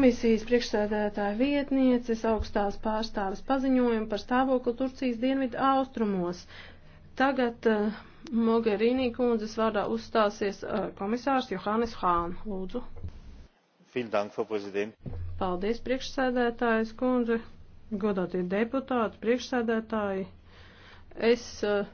Komisijas priekšsēdētāja vietnieces augstās pārstāvis paziņojumu par stāvokli Turcijas dienvidu austrumos. Tagad uh, Mogherini kundzes vārdā uzstāsies uh, komisārs Johannes Hān. Lūdzu. Dank, Paldies, priekšsēdētājas kundze, godātie deputāti, priekšsēdētāji. Es uh,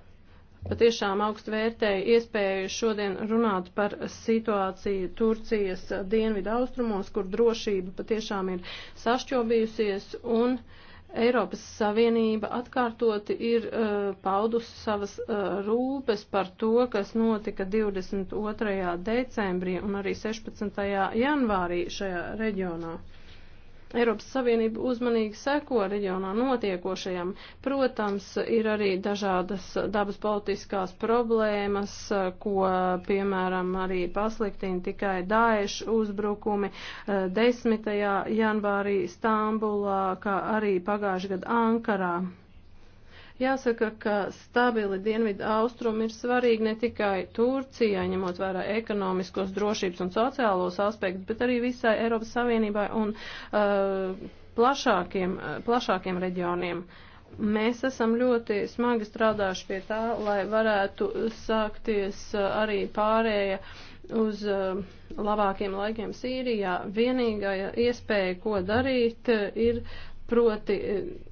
patiešām augstu vērtēju iespēju šodien runāt par situāciju Turcijas dienvidu austrumos, kur drošība patiešām ir sašķobījusies un Eiropas Savienība atkārtoti ir uh, eh, paudusi savas uh, rūpes par to, kas notika 22. decembrī un arī 16. janvārī šajā reģionā. Uh, Eiropas Savienība uzmanīgi seko reģionā notiekošajam. Protams, ir arī dažādas dabas politiskās problēmas, ko, piemēram, arī pasliktina tikai Daešu uzbrukumi 10. Eh, janvārī Stambulā, kā arī pagājušajā gadā Ankarā. Jāsaka, ka stabili dienvidu austrumi ir svarīgi ne tikai Turcijai, ņemot vērā ekonomiskos drošības un sociālos aspektus, bet arī visai Eiropas Savienībai un uh, plašākiem, uh, plašākiem reģioniem. Mēs esam ļoti smagi strādājuši pie tā, lai varētu sākties uh, arī pārēja uz uh, labākiem laikiem Sīrijā. Vienīgā iespēja, ko darīt, uh, ir proti uh,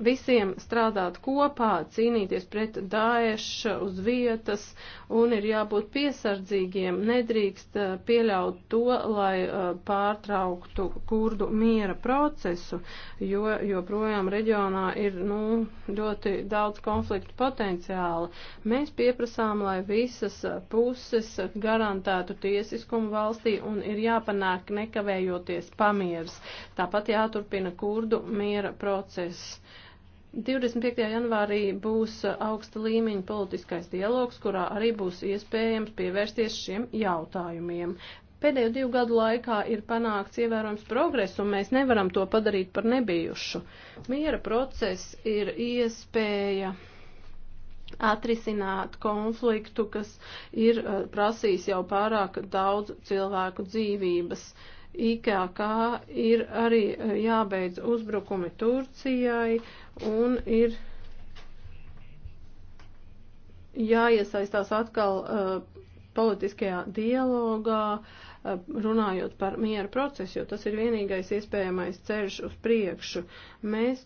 visiem strādāt kopā, cīnīties pret Daešu uz vietas un ir jābūt piesardzīgiem. Nedrīkst eh, pieļaut to, lai eh, pārtrauktu kurdu miera procesu, jo joprojām reģionā ir nu, ļoti daudz konfliktu potenciāla. Mēs pieprasām, lai visas puses garantētu tiesiskumu valstī un ir jāpanāk nekavējoties pamieras. Tāpat jāturpina kurdu miera process. 25. janvārī būs augsta līmeņa politiskais dialogs, kurā arī būs iespējams pievērsties šiem jautājumiem. Pēdējo divu gadu laikā ir panākts ievērojams progress, un mēs nevaram to padarīt par nebijušu. Miera process ir iespēja atrisināt konfliktu, kas ir eh, prasījis jau pārāk daudz cilvēku dzīvības. Uh, IKK ir arī e, jābeidz uzbrukumi Turcijai un ir jāiesaistās atkal uh, politiskajā dialogā, uh, runājot par miera procesu, jo tas ir vienīgais iespējamais ceļš uz priekšu. Mēs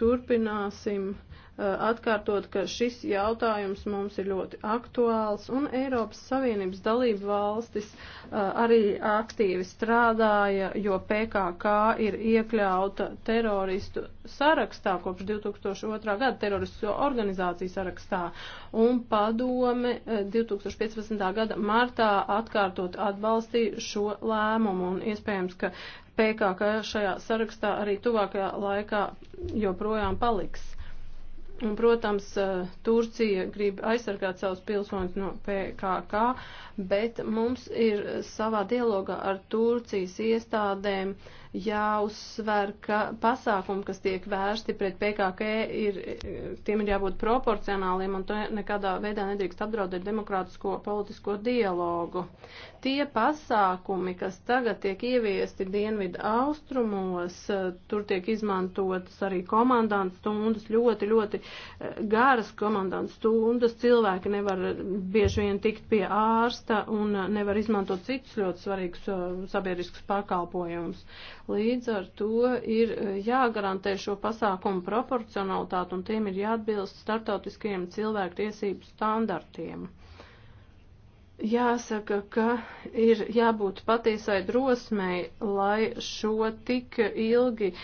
turpināsim uh, Eh, atkārtot, ka šis jautājums mums ir ļoti aktuāls, un Eiropas Savienības dalību valstis eh, arī aktīvi strādāja, jo PKK ir iekļauta teroristu sarakstā kopš 2002. gada teroristu organizāciju sarakstā, un padome 2015. Eh, gada martā atkārtot atbalstīja šo lēmumu, un iespējams, ka PKK šajā sarakstā arī tuvākajā laikā joprojām paliks. Un, protams, Turcija grib aizsargāt savus pilsoņus no PKK, bet mums ir savā dialogā ar Turcijas iestādēm uh, jāuzsver, ka pasākumi, kas tiek vērsti pret PKK, ir, tiem ir jābūt proporcionāliem un to nekādā veidā nedrīkst apdraudēt demokrātisko politisko dialogu. Tie pasākumi, kas tagad tiek ieviesti dienvidu austrumos, tur tiek izmantotas arī komandants stundas, ļoti, ļoti eh, garas komandants stundas, cilvēki nevar bieži vien tikt pie ārsta un nevar izmantot citus ļoti svarīgus eh, sabiedriskus pakalpojumus. Līdz ar to ir e, jāgarantē šo pasākumu proporcionalitāti un tiem ir jāatbilst startautiskajiem cilvēktiesību standartiem. Jāsaka, ka ir jābūt patiesai drosmei, lai šo tik ilgi uh,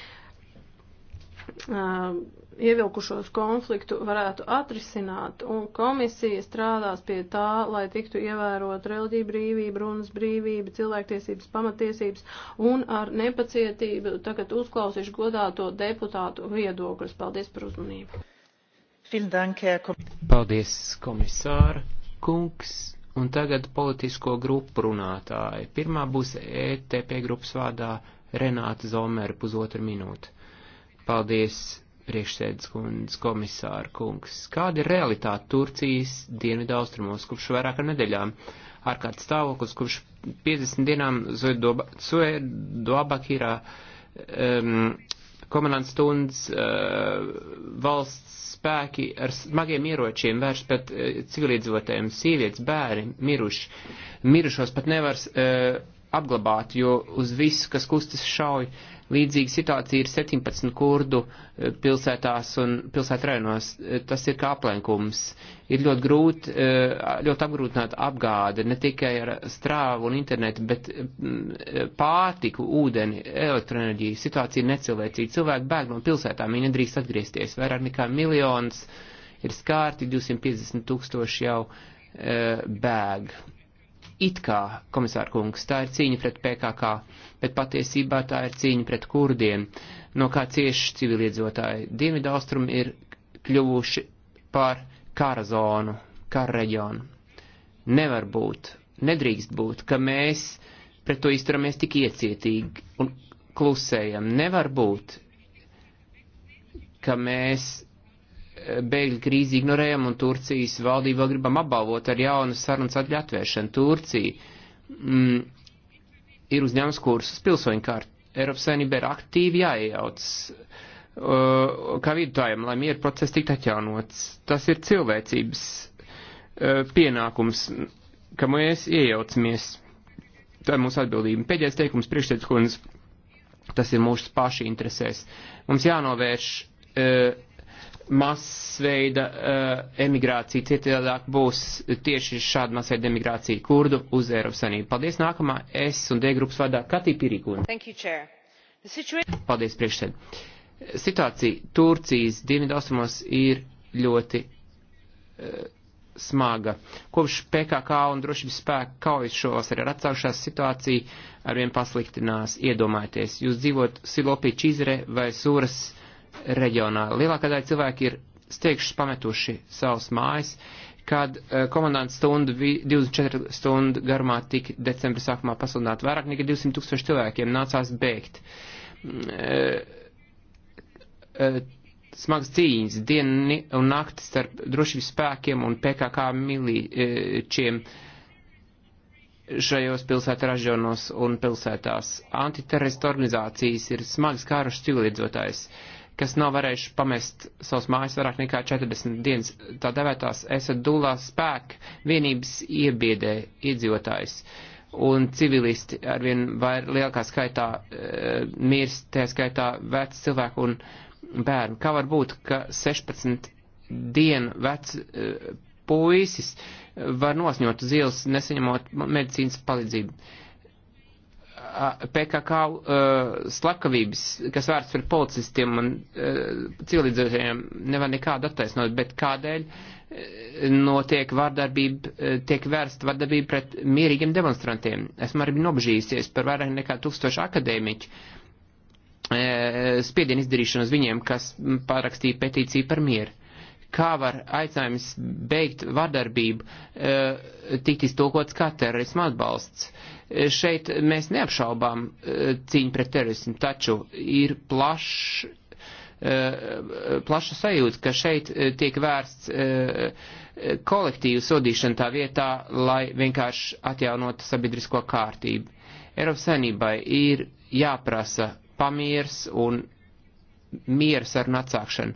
ievilkušos konfliktu varētu atrisināt, un komisija strādās pie tā, lai tiktu ievērot reliģiju brīvību, runas brīvību, cilvēktiesības, pamatiesības, un ar nepacietību tagad uzklausīšu godāto deputātu viedokļus. Paldies par uzmanību. Paldies, komisāra kungs, un tagad politisko grupu runātāji. Pirmā būs ETP grupas vārdā Renāta Zomera pusotra minūte. Paldies, priekšsēdus kundz, komisāra kungs. Kāda ir realitāte Turcijas dienvidu austrumos kopš vairākām nedēļām? Ārkārtas stāvoklis, kurš 50 dienām Zuedobakirā um, ehm, komandants stundas uh, valsts spēki ar smagiem ieročiem vērš pret uh, eh, civilizotēm, sievietes, bērni, miruši. Mirušos pat nevar uh, apglabāt, jo uz visu, kas kustas, šauj. Uh, Līdzīga situācija ir 17 kurdu eh, pilsētās un pilsētrainos. Eh, tas ir kā aplenkums. Ir ļoti grūti, eh, ļoti apgrūtināta apgāde, ne tikai ar strāvu un internetu, bet pārtiku, ūdeni, elektroenerģiju. Situācija ir necilvēcīga. Cilvēki bēg no pilsētām, viņi nedrīkst atgriezties. Vairāk nekā miljons ir skārti, 250 tūkstoši jau bēg It kā, komisāra kungs, tā ir cīņa pret PKK, bet patiesībā tā ir cīņa pret kurdiem, no kā cieši civiliedzotāji. Dienvidu austrumi ir kļuvuši par kara zonu, kara reģionu. Nevar būt, nedrīkst būt, ka mēs pret to izturamies tik iecietīgi un klusējam. Nevar būt, ka mēs bēgļu krīzi ignorējam un Turcijas valdību vēl gribam apbalvot ar jaunu sarunas atļatvēršanu. Turcija mm, ir uzņēmis kursus pilsoņu kārtu. Eiropas Savienība ir aktīvi jāiejauc uh, kā vidutājiem, lai mieru process tiktu atjaunots. Tas ir cilvēcības uh, pienākums, ka mēs iejaucamies. Tā ir mūsu atbildība. Pēdējais teikums priekšsēdus kundze, tas ir mūsu paši interesēs. Mums jānovērš uh, masveida uh, emigrācija, citādāk būs tieši šāda masveida emigrācija kurdu uz Eiropas Sanību. Paldies, nākamā S un D grupas vadā Katī Pirīkūna. Paldies, priekšsēd. Situācija Turcijas dienvidaustrumos ir ļoti uh, smaga. Kopš PKK un drošības spēku kaujas šovasar ir atsākušās situācija arvien pasliktinās, iedomājieties. Jūs dzīvot Silopī Čizre vai Sūras uh, reģionā. Lielākā daļa cilvēki ir steigšus pametuši savus mājas, kad uh, eh, komandants stundu 24 stundu garumā tika decembra sākumā pasludināt vairāk nekā 200 tūkstoši cilvēkiem nācās bēgt. Uh, uh, smagas cīņas dienu un nakti starp drošības spēkiem un PKK milīčiem šajos pilsētu ražonos un pilsētās. Antiterorista organizācijas ir smagas kārušas civilizotājs. Uh, kas nav varējuši pamest savus mājas vairāk nekā 40 dienas. Tā devētās esat dulā spēka vienības iebiedē iedzīvotājs. Un civilisti arvien vair lielākā skaitā e, mirst, tā skaitā veci cilvēki un bērni. Kā var būt, ka 16 dienu vecs e, eh, puisis var nosņot uz ielas, nesaņemot medicīnas palīdzību? E, PKK uh, slakavības, kas vērts par policistiem un uh, e, cilvēdzējiem, nevar nekādu attaisnot, bet kādēļ e, notiek vārdarbība, e, tiek vērsta vārdarbība pret mierīgiem demonstrantiem. Esmu arī nobežījusies par vairāk nekā tūkstošu akadēmiķu uh, spiedienu izdarīšanu uz viņiem, kas pārakstīja petīciju par mieru kā var aicinājums beigt vardarbību eh, tikt iztulkots kā terorisma atbalsts. Eh, šeit mēs neapšaubām eh, cīņu pret terorismu, taču ir plašs plaša sajūta, ka šeit tiek vērsts kolektīvu sodīšanu tā vietā, lai vienkārši atjaunotu sabiedrisko kārtību. Eiropas saimnībai ir jāprasa pamiers un miers ar nacākšanu.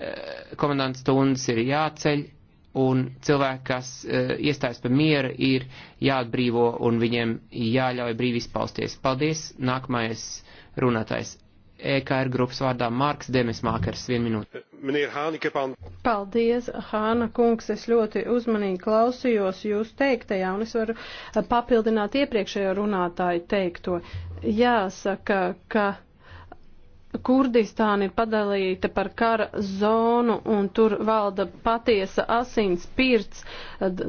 Eh, komandants stundas ir jāceļ, un cilvēki, kas uh, iestājas par mieru, ir jāatbrīvo un viņiem jāļauj brīvi izpausties. Paldies! Nākamais runātājs. EKR grupas vārdā Marks Demesmākers, vien minūte. Paldies, Hāna kungs, es ļoti uzmanīgi klausījos jūs teiktajā, un es varu eh, papildināt iepriekšējo runātāju teikto. Jāsaka, ka Kurdistāna ir padalīta par kara zonu un tur valda patiesa asins pirts.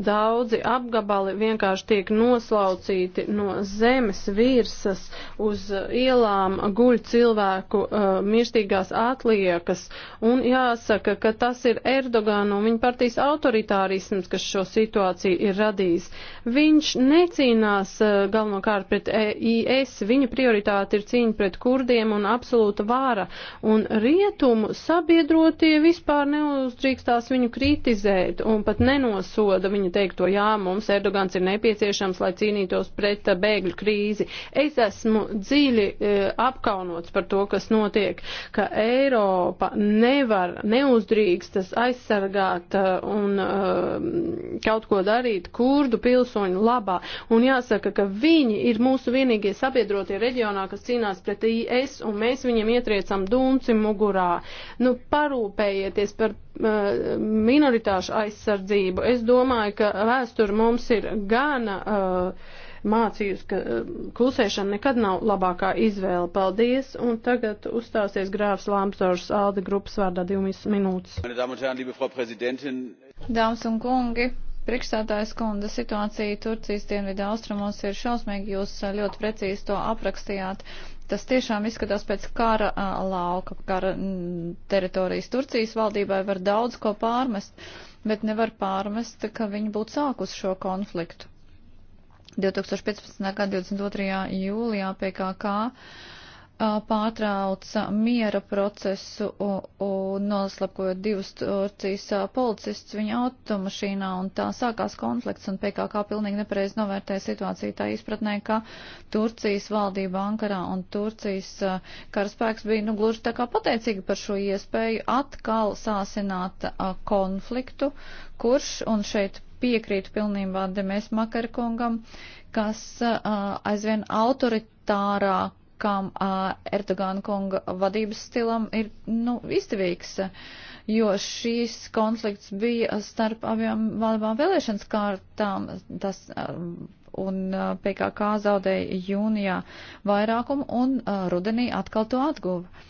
Daudzi apgabali vienkārši tiek noslaucīti no zemes virsas uz ielām guļ cilvēku uh, mirstīgās atliekas. Un jāsaka, ka tas ir Erdogana un viņa partijas autoritārisms, kas šo situāciju ir radījis. Viņš necīnās uh, galvenokārt pret e IS, viņa prioritāte ir cīņa pret kurdiem un absolūta vājība vara, un rietumu sabiedrotie vispār neuzdrīkstās viņu kritizēt un pat nenosoda viņa teikto, jā, mums Erdogans ir nepieciešams, lai cīnītos pret eh, bēgļu krīzi. Es esmu dziļi e, apkaunots par to, kas notiek, ka Eiropa nevar, neuzdrīkstas aizsargāt eh, un e, kaut ko darīt kurdu pilsoņu labā. Un jāsaka, ka viņi ir mūsu vienīgie sabiedrotie reģionā, kas cīnās pret IS, un mēs viņiem iet ietriecam dunci mugurā. Nu, parūpējieties par uh, minoritāšu aizsardzību. Es domāju, ka vēsture mums ir gana. Uh, Mācījus, ka uh, klusēšana nekad nav labākā izvēle. Paldies! Un tagad uzstāsies grāfs Lambsdors Alde grupas vārdā 2 minūtes. Dāmas un kungi, Priekšstādājas kunda situācija Turcijas dienvidu austrumos ir šausmīgi, jūs uh, ļoti precīzi to aprakstījāt. Tas tiešām izskatās pēc kara lauka, kara teritorijas Turcijas valdībai var daudz ko pārmest, bet nevar pārmest, ka viņi būtu sākusi šo konfliktu. 2015. gada 22. jūlijā PKK pārtrauca miera procesu un noslapkojot divus Turcijas policistus viņa automašīnā un tā sākās konflikts un PKK pilnīgi nepareizi novērtēja situāciju tā izpratnē, ka Turcijas valdība Ankarā un Turcijas karaspēks bija nu gluži tā kā pateicīgi par šo iespēju atkal sāsināt konfliktu, kurš un šeit piekrītu pilnībā Demēs Makarkungam, kas aizvien autoritārāk kam uh, Erdogana kunga vadības stilam ir nu, izdevīgs, jo šīs konflikts bija starp abiem valdībām vēlēšanas kārtām. Tas, uh, un uh, PKK zaudēja jūnijā vairākumu un uh, rudenī atkal to atguva.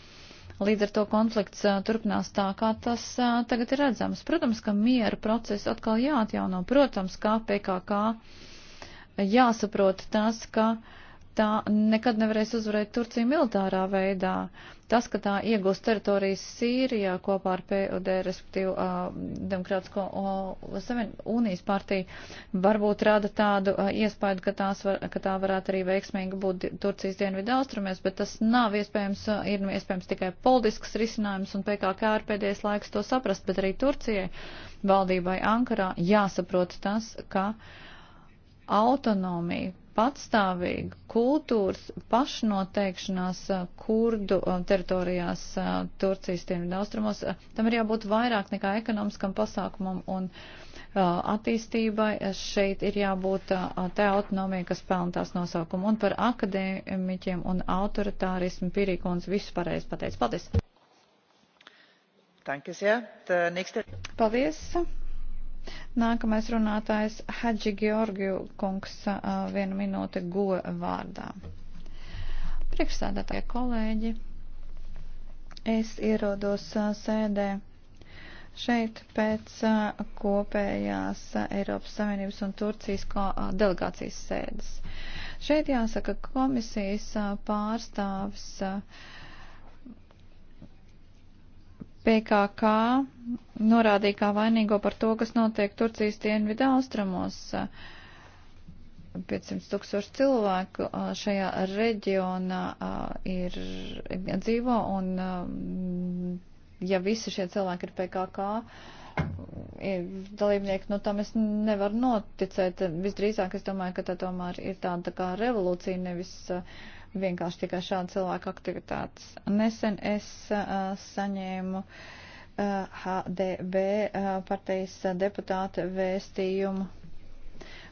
Līdz ar to konflikts uh, turpinās tā, kā tas uh, tagad ir redzams. Protams, ka miera process atkal jāatjauno. Protams, kā PKK jāsaprot tas, ka uh, tā nekad nevarēs uzvarēt Turciju militārā veidā. Tas, ka tā iegūst teritorijas Sīrijā kopā ar PUD, respektīvi uh, Demokrātisko uh, unijas partiju, varbūt rada tādu uh, iespēju, ka, var, ka tā varētu arī veiksmīgi būt Turcijas dienvidu austrumēs, bet tas nav iespējams, uh, ir iespējams tikai politisks risinājums, un PKK ir pēdējais laiks to saprast, bet arī Turcijai valdībai Ankarā jāsaprot tas, ka. Uh, autonomiju, patstāvīgu kultūras pašnoteikšanās eh, kurdu eh, teritorijās eh, Turcijas dienvidaustrumos, tam ir jābūt vairāk nekā ekonomiskam pasākumam un attīstībai. Šeit ir jābūt tā autonomija, kas pelna tās nosaukumu. Un par akadēmiķiem un autoritārismu Pirīkons visu pareizi pateica. Paldies! Paldies! Nākamais runātājs Hadži Georgiju kungs vienu minūti go e vārdā. Priekšsēdētāji kolēģi, es ierodos sēdē šeit pēc kopējās Eiropas Savienības un Turcijas delegācijas sēdes. Šeit jāsaka, komisijas pārstāvis PKK norādīja kā vainīgo par to, kas notiek Turcijas dienvidu austrumos. 500 tūkstoši cilvēku šajā reģionā ir dzīvo un ja visi šie cilvēki ir PKK ir dalībnieki, nu tam es nevaru noticēt. Visdrīzāk es domāju, ka tā tomēr ir tāda kā revolūcija, nevis uh, vienkārši tikai šāda cilvēka aktivitātes. Nesen es uh, saņēmu uh, HDB uh, partijas uh, deputāta vēstījumu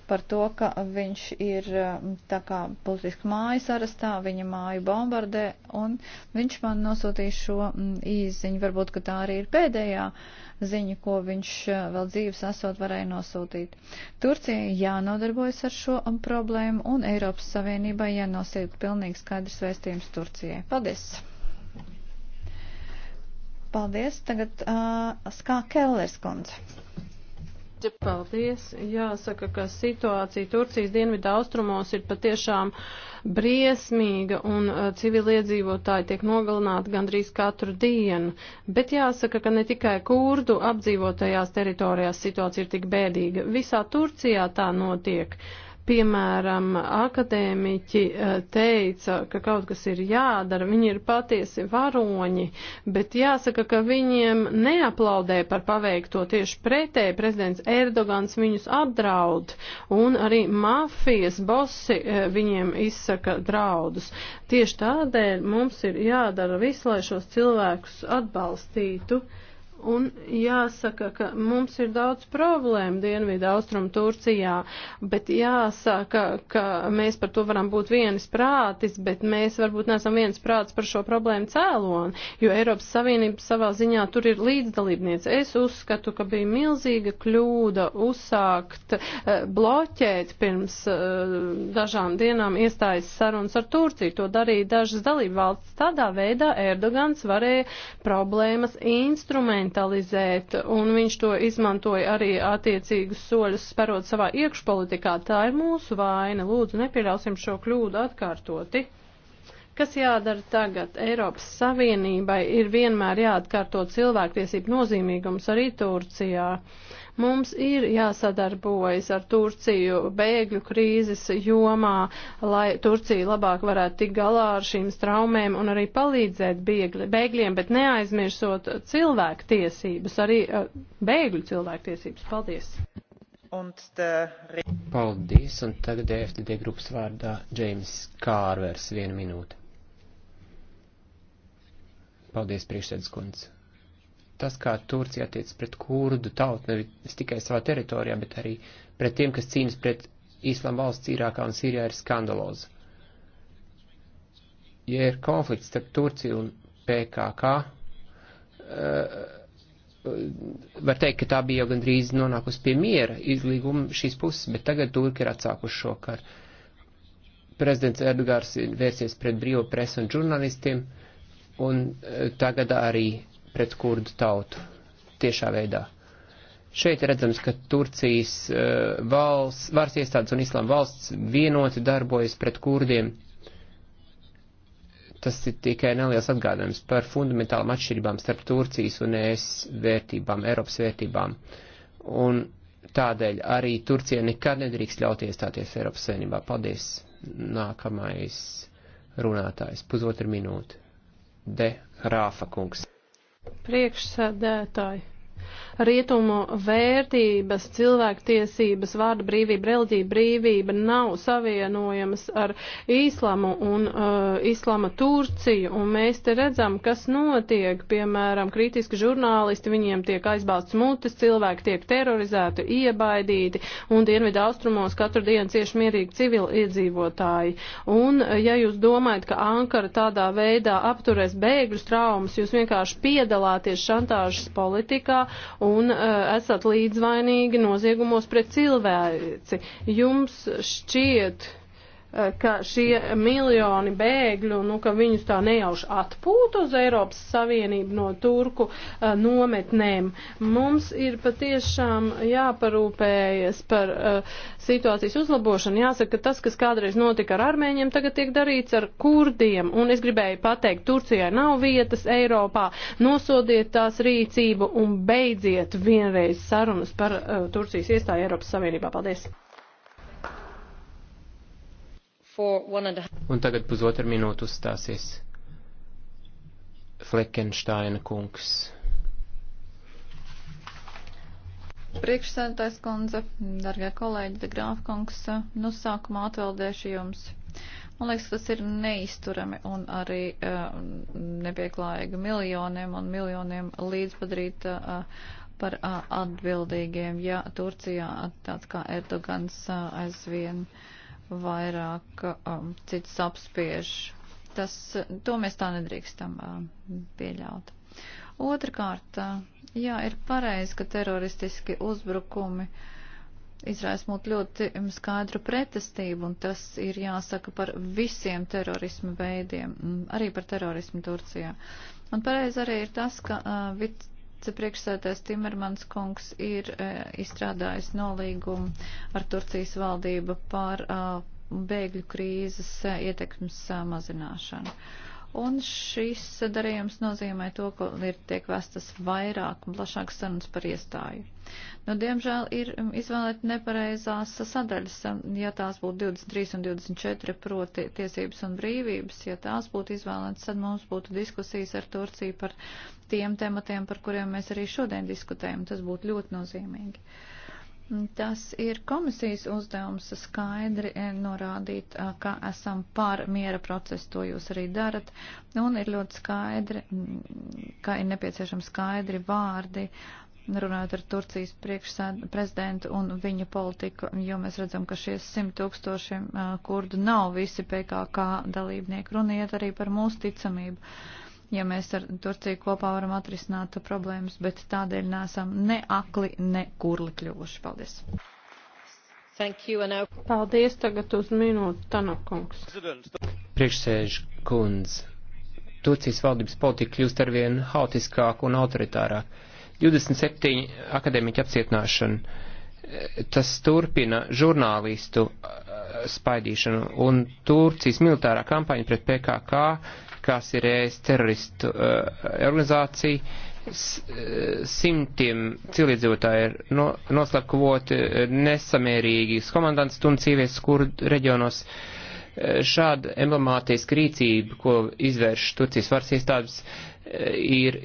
par to, ka viņš ir mm, tā kā politiski mājas arestā, viņa māju bombardē, un viņš man nosūtīja šo mm, īziņu. Varbūt, ka tā arī ir pēdējā ziņa, ko viņš eh, vēl dzīves esot varēja nosūtīt. Turcija jānodarbojas ar šo mm, problēmu, un Eiropas Savienībai jānosūt pilnīgi skaidrs vēstījums Turcijai. Paldies! Paldies! Tagad uh, eh, Skā Kellers kundze. Paldies. Jāsaka, ka situācija Turcijas dienvidu austrumos ir patiešām briesmīga un uh, civiliedzīvotāji tiek nogalināti gandrīz katru dienu. Bet jāsaka, ka ne tikai kurdu apdzīvotajās teritorijās situācija ir tik bēdīga. Visā Turcijā tā notiek. Uh, piemēram, akadēmiķi eh, teica, ka kaut kas ir jādara, viņi ir patiesi varoņi, bet jāsaka, ka viņiem neaplaudē par paveikto tieši pretēji. Prezidents Erdogans viņus apdraud, un arī mafijas bosi eh, viņiem izsaka draudus. Tieši tādēļ mums ir jādara viss, lai šos cilvēkus atbalstītu. Uh, Un jāsaka, ka mums ir daudz problēmu Dienvidu austrumu Turcijā, bet jāsaka, ka mēs par to varam būt vienas prātis, bet mēs varbūt neesam vienas prātis par šo problēmu cēloni, jo Eiropas Savienība savā ziņā tur ir līdzdalībniece. Es uzskatu, ka bija milzīga kļūda uzsākt eh, bloķēt pirms eh, dažām dienām iestājas sarunas ar Turciju. To darīja dažas dalību valsts. Tādā veidā Erdogans varēja problēmas instrumentu instrumentalizēt, un viņš to izmantoja arī attiecīgus soļus sparot savā iekšpolitikā. Tā ir mūsu vaina. Lūdzu, nepieļausim šo kļūdu atkārtoti. Kas jādara tagad? Eiropas Savienībai ir vienmēr jāatkārto cilvēktiesību nozīmīgums arī Turcijā. Mums ir jāsadarbojas ar Turciju bēgļu krīzes jomā, lai Turcija labāk varētu tikt galā ar šīm straumēm un arī palīdzēt bēgļi, bēgļiem, bet neaizmirsot cilvēku tiesības, arī eh, bēgļu cilvēku tiesības. Paldies! The... Paldies, un tagad FTD grupas vārdā Džeims Kārvers, viena minūte. Paldies, priekšsēdus kundze tas, kā Turcija attiec pret kurdu tautu, nevis tikai savā teritorijā, bet arī pret tiem, kas cīnas pret Īslam valsts Irākā un Sīrijā, ir skandaloza. Ja ir konflikts starp Turciju un PKK, eh, var teikt, ka tā bija jau gandrīz nonākusi pie miera izlīguma šīs puses, bet tagad Turki ir atsākuši šo karu. Prezidents Erdogārs ir vērsies pret brīvo presu un žurnālistiem, un eh, tagad arī pret kurdu tautu tiešā veidā. Šeit redzams, ka Turcijas uh, valsts, varas iestādes un islām valsts vienoti darbojas pret kurdiem. Tas ir tikai neliels atgādājums par fundamentālām atšķirībām starp Turcijas un ES vērtībām, Eiropas vērtībām. Un tādēļ arī Turcija nekad nedrīkst ļaut iestāties Eiropas savienībā. Paldies! Nākamais runātājs, pusotra minūte. De Rāfa kungs. Priekšsēdētāji. Rietumu vērtības, cilvēktiesības, vārda brīvība, reliģija brīvība nav savienojamas ar īslamu un uh, īslama Turciju, un mēs te redzam, kas notiek, piemēram, kritiski žurnālisti, viņiem tiek aizbāzts mutes, cilvēki tiek terorizēti, iebaidīti, un dienvidu austrumos katru dienu cieši mierīgi civili iedzīvotāji. Un, uh, ja jūs domājat, ka Ankara tādā veidā apturēs bēgļus traumas, jūs vienkārši piedalāties šantāžas politikā, un uh, esat līdzvainīgi noziegumos pret cilvēci. Jums šķiet, Eh, ka šie miljoni bēgļu, nu, ka viņus tā nejauši atpūt uz Eiropas Savienību no turku uh, nometnēm. Mums ir patiešām jāparūpējas par uh, situācijas uzlabošanu. Jāsaka, ka tas, kas kādreiz notika ar armēņiem, tagad tiek darīts ar kurdiem. Un es gribēju pateikt, Turcijai nav vietas Eiropā. Nosodiet tās rīcību un beidziet vienreiz sarunas par uh, Turcijas iestāju Eiropas Savienībā. Paldies! Un tagad pusotru minūtu uzstāsies Fleckensteina kungs. Priekšsēdētājs kundze, dargie kolēģi, de Grāfkungs, nu sākumā atveldēšu jums. Man liekas, tas ir neizturami un arī uh, eh, nepieklājīgi miljoniem un miljoniem līdz padarīt uh, eh, par uh, atbildīgiem, ja Turcijā tāds kā Erdogans uh, aizvien. Uh, vairāk um, cits apspiež. Tas, to mēs tā nedrīkstam uh, pieļaut. Otrakārt, uh, jā, ir pareizi, ka teroristiski uzbrukumi izraismot ļoti um, skaidru pretestību, un tas ir jāsaka par visiem terorismu veidiem, mm, arī par terorismu Turcijā. Un pareizi arī ir tas, ka uh, vicepriekšsētājs Timermans kungs ir e, izstrādājis nolīgumu ar Turcijas valdību par a, bēgļu krīzes a, e, ietekmes a, mazināšanu. Un šis darījums nozīmē to, ka ir tiek vestas vairāk un plašākas sarunas par iestāju. Nu, diemžēl ir mm, izvēlēti nepareizās sadaļas, ja tās būtu 23 un 24, proti tiesības un brīvības, ja tās būtu izvēlētas, tad mums būtu diskusijas ar Turciju par tiem tematiem, par kuriem mēs arī šodien diskutējam. Tas būtu ļoti nozīmīgi. Uh, Tas ir komisijas uzdevums skaidri eh, norādīt, eh, ka esam par miera procesu, to jūs arī darat, un ir ļoti skaidri, mm, ka ir nepieciešami skaidri vārdi, runājot ar Turcijas prezidentu un viņa politiku, jo mēs redzam, ka šie simt tūkstošiem eh, kurdu nav visi PKK dalībnieki. Runiet arī par mūsu ticamību ja mēs ar Turciju kopā varam atrisināt problēmas, bet tādēļ nesam ne akli, ne kurli kļuvuši. Paldies! Now... Paldies tagad uz minūtu, Tanakungs. Priekšsēž kundz. Turcijas valdības politika kļūst arvien haotiskāk un autoritārāk. 27 akadēmiķi apcietināšana. Tas turpina žurnālistu spaidīšanu un Turcijas militārā kampaņa pret PKK kas ir ēst teroristu uh, organizācija. S, eh, simtiem cilvēdzīvotāji ir no, noslapkavoti eh, nesamērīgas komandantas tuncīvies, kur reģionos šāda emblemātiska rīcība, ko izvērš Turcijas varas iestādes, ir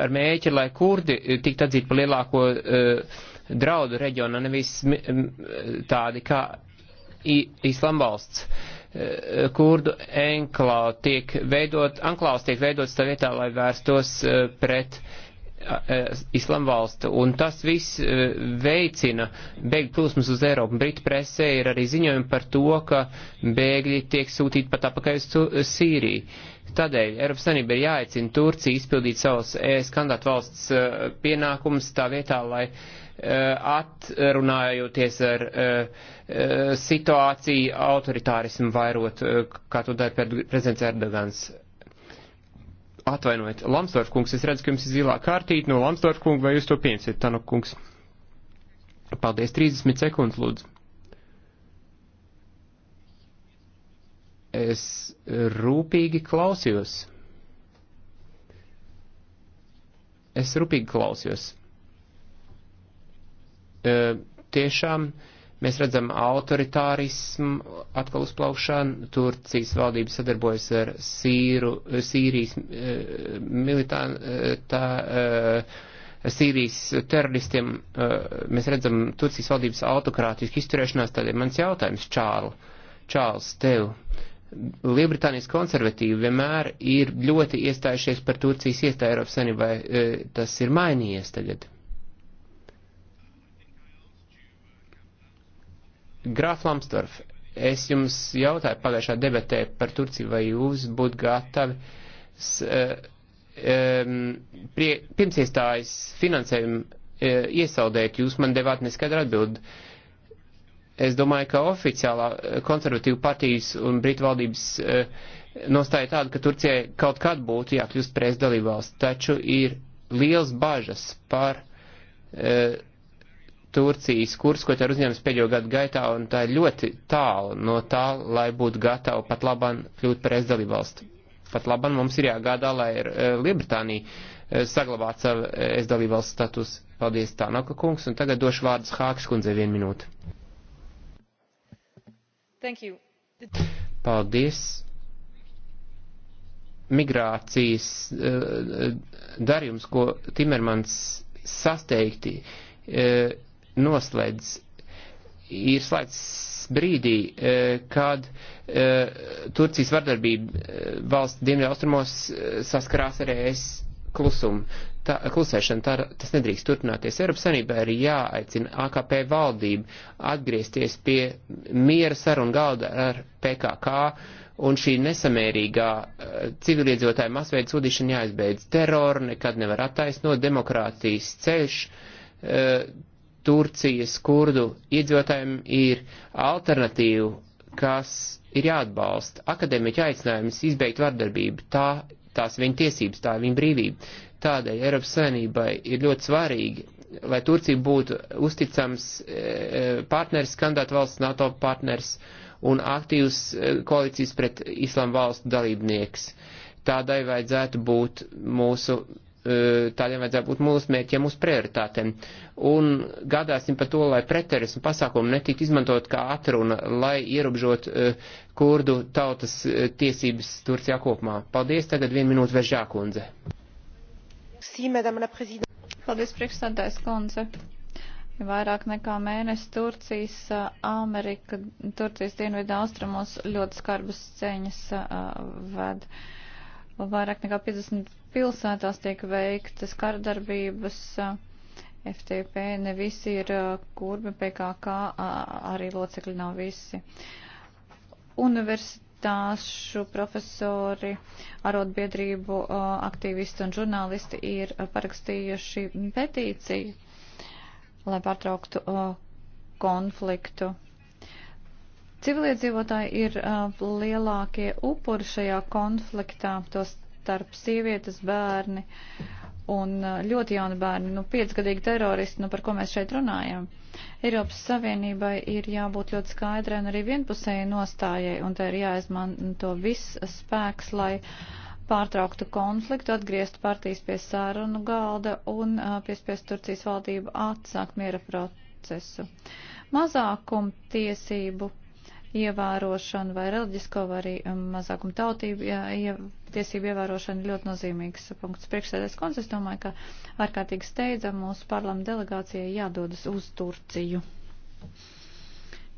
ar mēķi, lai kurdi tiktu atzīti par lielāko uh, draudu reģionā, nevis tādi kā Islamvalsts. Uh, Eh, kurdu enklāvu tiek veidot, enklāvs tiek veidots tā vietā, lai vērstos eh, pret eh, islām valstu. Un tas viss veicina bēgļu plūsmas uz Eiropu. Brita presē ir arī ziņojumi par to, ka bēgļi tiek sūtīti pat apakaļ uz Sīriju. Tādēļ Eiropas Sanība ir jāaicina Turcija izpildīt savus ES kandidātu valsts pienākumus tā vietā, lai uh, Eh, atrunājoties ar eh, eh, situāciju autoritārismu vairot, kā to dara prezidents Erdogans. Atvainojiet, Lamsdorf kungs, es redzu, ka jums ir zilā kārtīte no Lamsdorf kunga, vai jūs to pieņemsiet, Tanok kungs? Paldies, 30 sekundes, lūdzu. Es rūpīgi klausījos. Es rūpīgi klausījos tiešām mēs redzam autoritārismu atkal uzplaukšanu, Turcijas valdība sadarbojas ar Sīru, Sīrijas militā, Sīrijas teroristiem, mēs redzam Turcijas valdības autokrātisku izturēšanās, tad ir mans jautājums, Čārl, Čārls, tev. Lielbritānijas konservatīvi vienmēr ir ļoti iestājušies par Turcijas iestāju Eiropas Savienībai, tas ir mainījies tagad. Grāf Lamstorf, es jums jautāju pagājušā debatē par Turciju, vai jūs būtu gatavi s, um, prie, pirms iestājas finansējumu e, iesaldēt, jūs man devāt neskaidru atbildi. Es domāju, ka oficiālā konservatīva partijas un Britu valdības nostāja tāda, ka Turcijai kaut kad būtu jākļūst prezidalībvalsts, taču ir liels bažas par uh, Turcijas kurs, ko tā ir uzņēmis pēdējo gadu gaitā, un tā ir ļoti tālu no tā, lai būtu gatava pat labam kļūt par aizdalību valsti. Pat labam mums ir jāgādā, lai ir uh, eh, Liebritānija uh, eh, saglabātu savu uh, eh, aizdalību valsts status. Paldies, Tānaka kungs, un tagad došu vārdus Hākas kundzei vienu minūti. Thank you. Paldies migrācijas darījums, ko Timermans sasteigti noslēdz, ir slēgts brīdī, e, kad e, Turcijas vardarbība e, valsts dienvidaustrumos saskarās ar ES klusumu. Tā, klusēšana, tā, tas nedrīkst turpināties. Eiropas Sanībā ir jāaicina AKP valdību atgriezties pie miera sarunu galda ar PKK, un šī nesamērīgā civiliedzotāja masveida sūdīšana jāizbeidz. Terora nekad nevar attaisnot, demokrātijas ceļš Turcijas kurdu iedzīvotājiem ir alternatīva, kas ir jāatbalsta. Akadēmiķa aicinājums izbeigt vardarbību, tā, tās viņa tiesības, tā viņa brīvība. Tādēļ Eiropas Savienībai ir ļoti svarīgi, lai Turcija būtu uzticams e, e, partners, kandidāta valsts, NATO partners un aktīvs e, koalīcijas pret islām valstu dalībnieks. Tādai vajadzētu būt mūsu E, tādiem vajadzētu būt mūsu mērķiem, mūsu prioritātēm. Un gādāsim par to, lai pretterismu pasākumu netiktu izmantot kā atruna, lai ierobežot e, kurdu tautas e, tiesības Turcijā kopumā. Paldies, tagad vienu minūtu vežā kundze. Paldies, priekšstādājs kundze. Vairāk nekā mēnesis Turcijas, Amerika, Turcijas dienvidu austrumos ļoti skarbas ceņas ved. Uh, Vairāk nekā 50 pilsētās tiek veiktas kardarbības. Eh, FTP ne visi ir eh, kurbi, PKK arī locekļi nav visi. Universitāte universitāšu profesori, arotbiedrību eh, aktīvisti un žurnālisti ir parakstījuši petīciju, lai pārtrauktu konfliktu. Civiliedzīvotāji ir uh, lielākie upuri šajā konfliktā, to starp sievietes bērni un uh, ļoti jauni bērni, nu, piecgadīgi teroristi, nu, par ko mēs šeit runājam. Eiropas Savienībai ir jābūt ļoti skaidrai un arī vienpusēji nostājai, un te ir jāizmanto viss spēks, lai pārtrauktu konfliktu, atgriezt partijas pie sārunu galda un uh, piespiest Turcijas valdību atsākt miera procesu. Mazākum tiesību ievērošana vai reliģisko vai arī um, mazākuma tautību jā, ja, tiesību ievērošana ir ļoti nozīmīgs punkts. Priekšsēdēs kundze, es domāju, ka ārkārtīgi steidzam mūsu parlamenta delegācijai jādodas uz Turciju.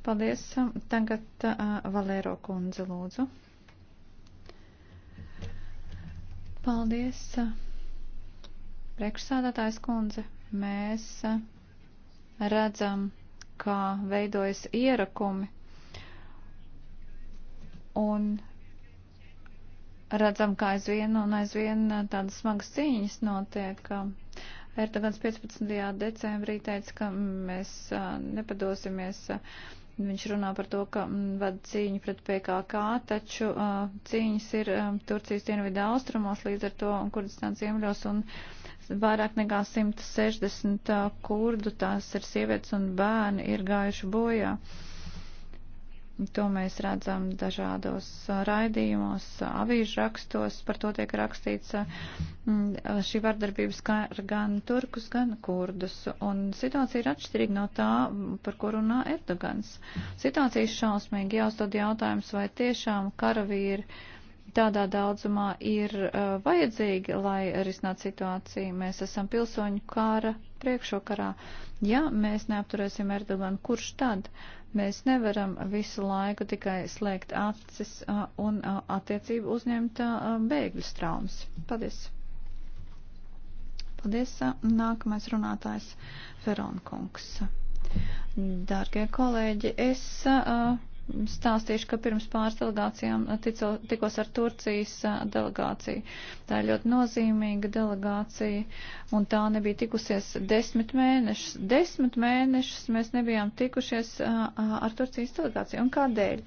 Paldies. Tagad uh, Valēro kundze lūdzu. Paldies. Priekšsādātājs kundze, mēs uh, redzam, kā veidojas ierakumi Un redzam, kā aizvien un aizvien uh, tādas smagas cīņas notiek. Uh, Erdogans 15. decembrī teica, ka mēs uh, nepadosimies. Viņš runā par to, ka mm, ved cīņu pret PKK, taču cīņas ir um, Turcijas dienvidu austrumos, līdz ar to Kurdistāns ziemļos un vairāk nekā 160 kurdu, tās ir sievietes un bērni, ir gājuši bojā. Uh, To mēs redzam dažādos uh, raidījumos, uh, avīžu rakstos, par to tiek rakstīts. Uh, mm, šī vardarbība skar gan turkus, gan kurdus, un situācija ir atšķirīga no tā, mm, par ko runā Erdogans. Situācija ir šausmīga, jāuzdod jautājums, vai tiešām karavīri tādā daudzumā ir uh, vajadzīgi, lai risinātu situāciju. Mēs esam pilsoņu kāra priekšokarā. Ja mēs neapturēsim Erdoganu, kurš tad? Uh, Mēs nevaram visu laiku tikai slēgt acis un attiecību uzņemt bēgļu traumas. Paldies! Paldies! Nākamais runātājs Feronkungs. Dārgie kolēģi, es. Uh, stāstīšu, ka pirms pāris delegācijām tico, tikos ar Turcijas delegāciju. Tā ir ļoti nozīmīga delegācija, un tā nebija tikusies desmit mēnešus. Desmit mēnešus mēs nebijām tikušies ar Turcijas delegāciju. Un kādēļ?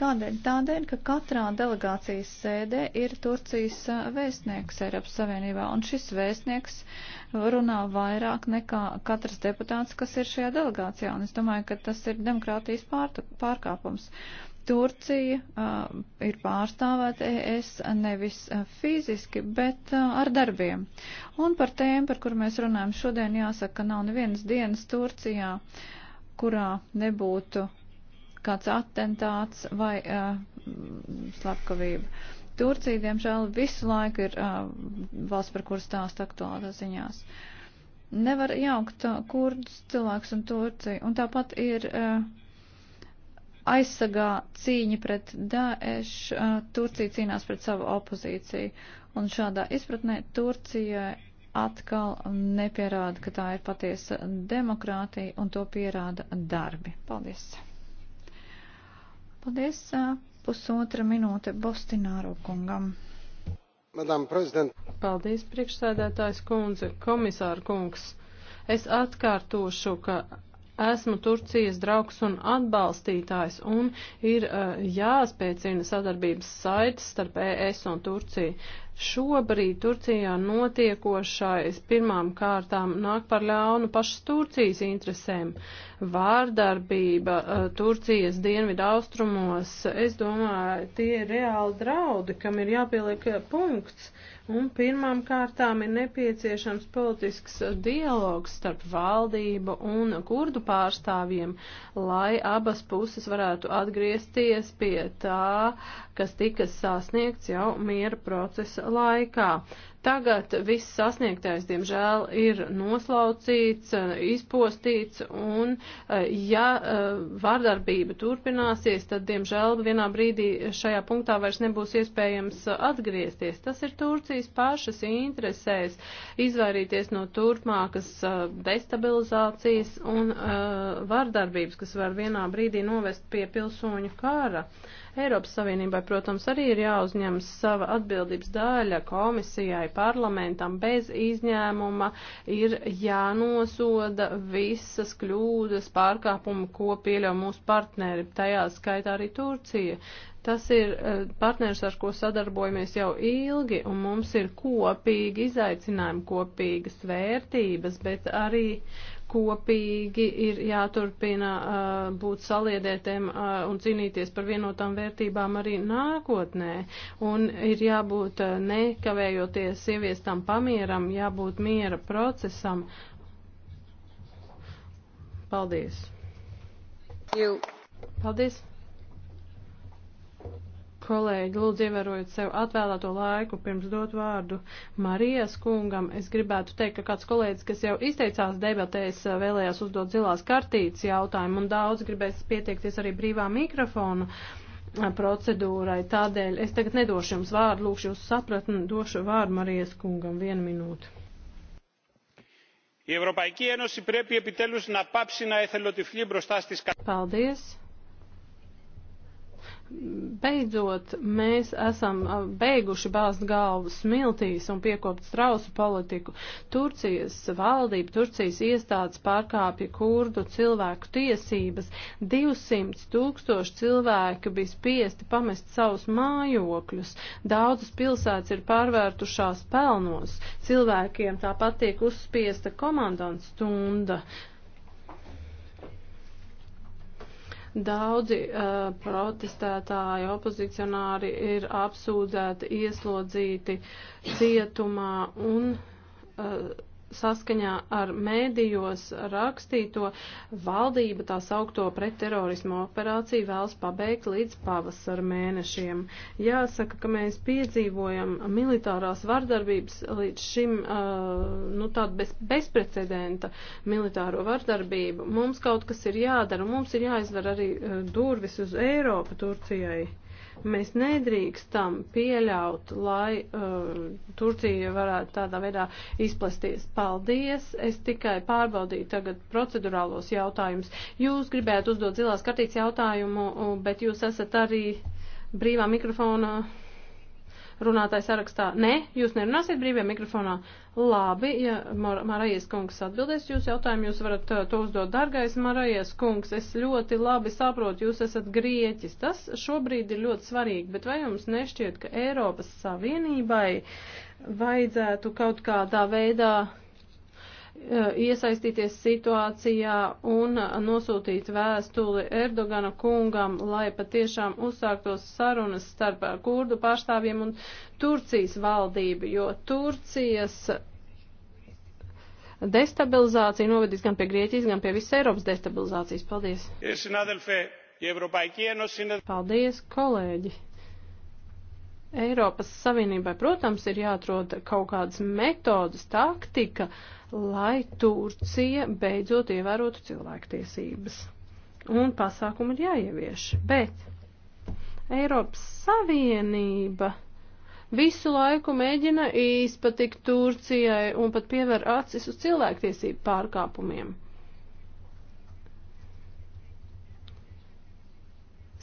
Kādēļ? Tādēļ, ka katrā delegācijas sēdē ir Turcijas vēstnieks Eiropas Savienībā, un šis vēstnieks runā vairāk nekā katrs deputāts, kas ir šajā delegācijā, un es domāju, ka tas ir demokrātijas pārkāpums. Turcija uh, ir pārstāvēta ES nevis uh, fiziski, bet uh, ar darbiem. Un par tēmu, par kur mēs runājam šodien, jāsaka, ka nav nevienas dienas Turcijā, kurā nebūtu uh, kāds attentāts vai uh, slepkavība. Turcija, diemžēl, visu laiku ir uh, valsts, par kuru stāst aktuālā ziņās. Nevar jaukt uh, kurdus cilvēks un Turciju. Un tāpat ir uh, aizsagā cīņa pret Daesh, uh, Turcija cīnās pret savu opozīciju. Un šādā izpratnē Turcijai atkal nepierāda, ka tā ir patiesa demokrātija, un to pierāda darbi. Paldies! Paldies. Pusotra minūte Bostināro kungam. Paldies, priekšsēdētājs kundze, komisāra kungs. Es atkārtošu, ka Esmu Turcijas draugs un atbalstītājs, un ir uh, jāspēcina sadarbības saites starp ES un Turciju. Šobrīd Turcijā notiekošais pirmām kārtām nāk par ļaunu pašas Turcijas interesēm. Vārdarbība eh, Turcijas dienvidu austrumos, es domāju, tie ir reāli draudi, kam ir jāpieliek punkts. Un pirmām kārtām ir nepieciešams politisks dialogs starp valdību un kurdu pārstāvjiem, lai abas puses varētu atgriezties pie tā, kas tika sasniegts jau miera procesa laikā. Tagad viss sasniegtais, diemžēl, ir noslaucīts, eh, izpostīts, un eh, ja eh, vardarbība turpināsies, tad, diemžēl, vienā brīdī šajā punktā vairs nebūs iespējams atgriezties. Tas ir Turcijas pašas interesēs izvairīties no turpmākas destabilizācijas un vardarbības, kas var vienā brīdī novest pie pilsoņu kara. Uh, Eiropas Savienībai, protams, arī ir jāuzņemas sava atbildības daļa komisijai, parlamentam bez izņēmuma, ir jānosoda visas kļūdas, pārkāpumi, ko pieļauj mūsu partneri, tajā skaitā arī Turcija. Tas ir eh, partners, ar ko sadarbojamies jau ilgi, un mums ir kopīgi izaicinājumi, kopīgas vērtības, bet arī kopīgi ir jāturpina uh, būt saliedētiem uh, un cīnīties par vienotām vērtībām arī nākotnē. Un ir jābūt uh, nekavējoties ieviestam pamieram, jābūt miera procesam. Paldies! Jū. Paldies! Kolēģi, lūdzu, ievērojiet sev atvēlēto laiku pirms dot vārdu Marijas kungam. Es gribētu teikt, ka kāds kolēģis, kas jau izteicās debatēs, vēlējās uzdot zilās kartītes jautājumu un daudz gribēs pieteikties arī brīvā mikrofonu procedūrai. Tādēļ es tagad nedošu jums vārdu, lūkšu jūs sapratni, došu vārdu Marijas kungam vienu minūtu. Η Ευρωπαϊκή Ένωση πρέπει επιτέλους να πάψει να εθελοτυφλεί μπροστά στις καταστάσεις beidzot mēs esam beiguši bāzt galvu smiltīs un piekopt strausu politiku. Turcijas valdība, Turcijas iestādes pārkāpja kurdu cilvēku tiesības. 200 tūkstoši cilvēki bija spiesti pamest savus mājokļus. Daudzas pilsētas ir pārvērtušās pelnos. Cilvēkiem tāpat tiek uzspiesta komandants stunda. Uh, Daudzi uh, protestētāji, opozicionāri ir apsūdzēti, ieslodzīti cietumā un uh, saskaņā ar mēdījos rakstīto valdība tā saukto pretterorismu operāciju vēlas pabeigt līdz pavasara mēnešiem. Jāsaka, ka mēs piedzīvojam militārās vardarbības līdz šim nu, tādu bez, bezprecedenta militāro vardarbību. Mums kaut kas ir jādara, mums ir jāizver arī durvis uz Eiropu Turcijai. Mēs nedrīkstam pieļaut, lai uh, Turcija varētu tādā veidā izplesties. Paldies! Es tikai pārbaudīju tagad procedurālos jautājumus. Jūs gribētu uzdot zilās kartītes jautājumu, uh, bet jūs esat arī brīvā mikrofona runātāju sarakstā. Nē, jūs nerunāsiet brīvajā mikrofonā. Labi, ja Mar Marajies kungs atbildēs jūs jautājumu, jūs varat uh, to uzdot. Dargais Marajies kungs, es ļoti labi saprotu, jūs esat grieķis. Tas šobrīd ir ļoti svarīgi, bet vai jums nešķiet, ka Eiropas Savienībai vajadzētu kaut kādā veidā Eh, iesaistīties situācijā un nosūtīt vēstuli Erdogana kungam, lai patiešām uzsāktos sarunas starp kurdu pārstāvjiem un Turcijas valdību, jo Turcijas destabilizācija novedīs gan pie Grieķijas, gan pie visas Eiropas destabilizācijas. Paldies! Paldies, kolēģi! Eiropas Savienībai, protams, ir jāatrod kaut kādas metodas, taktika, lai Turcija beidzot ievērotu cilvēktiesības. Un pasākumi ir jāievieš. Bet Eiropas Savienība visu laiku mēģina īspatikt Turcijai un pat piever acis uz cilvēktiesību pārkāpumiem.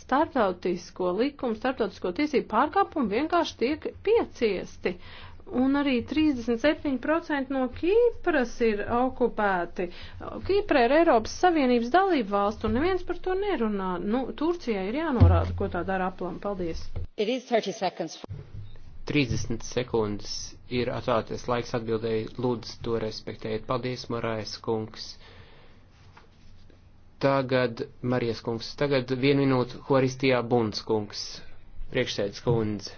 starptautisko likumu, starptautisko tiesību pārkāpumu vienkārši tiek pieciesti. Un arī 37% no Kīpras ir okupēti. Kīpra ir Eiropas Savienības dalība valsts, un neviens par to nerunā. Nu, Turcijai ir jānorāda, ko tā dara aplam. Paldies. 30, 30 sekundes ir atvērtais laiks atbildēji. Lūdzu, to respektējiet. Paldies, Marais kungs. Tagad Marijas kungs, tagad vienu minūtu Horistijā Bunds kungs, priekšsēdus kundze.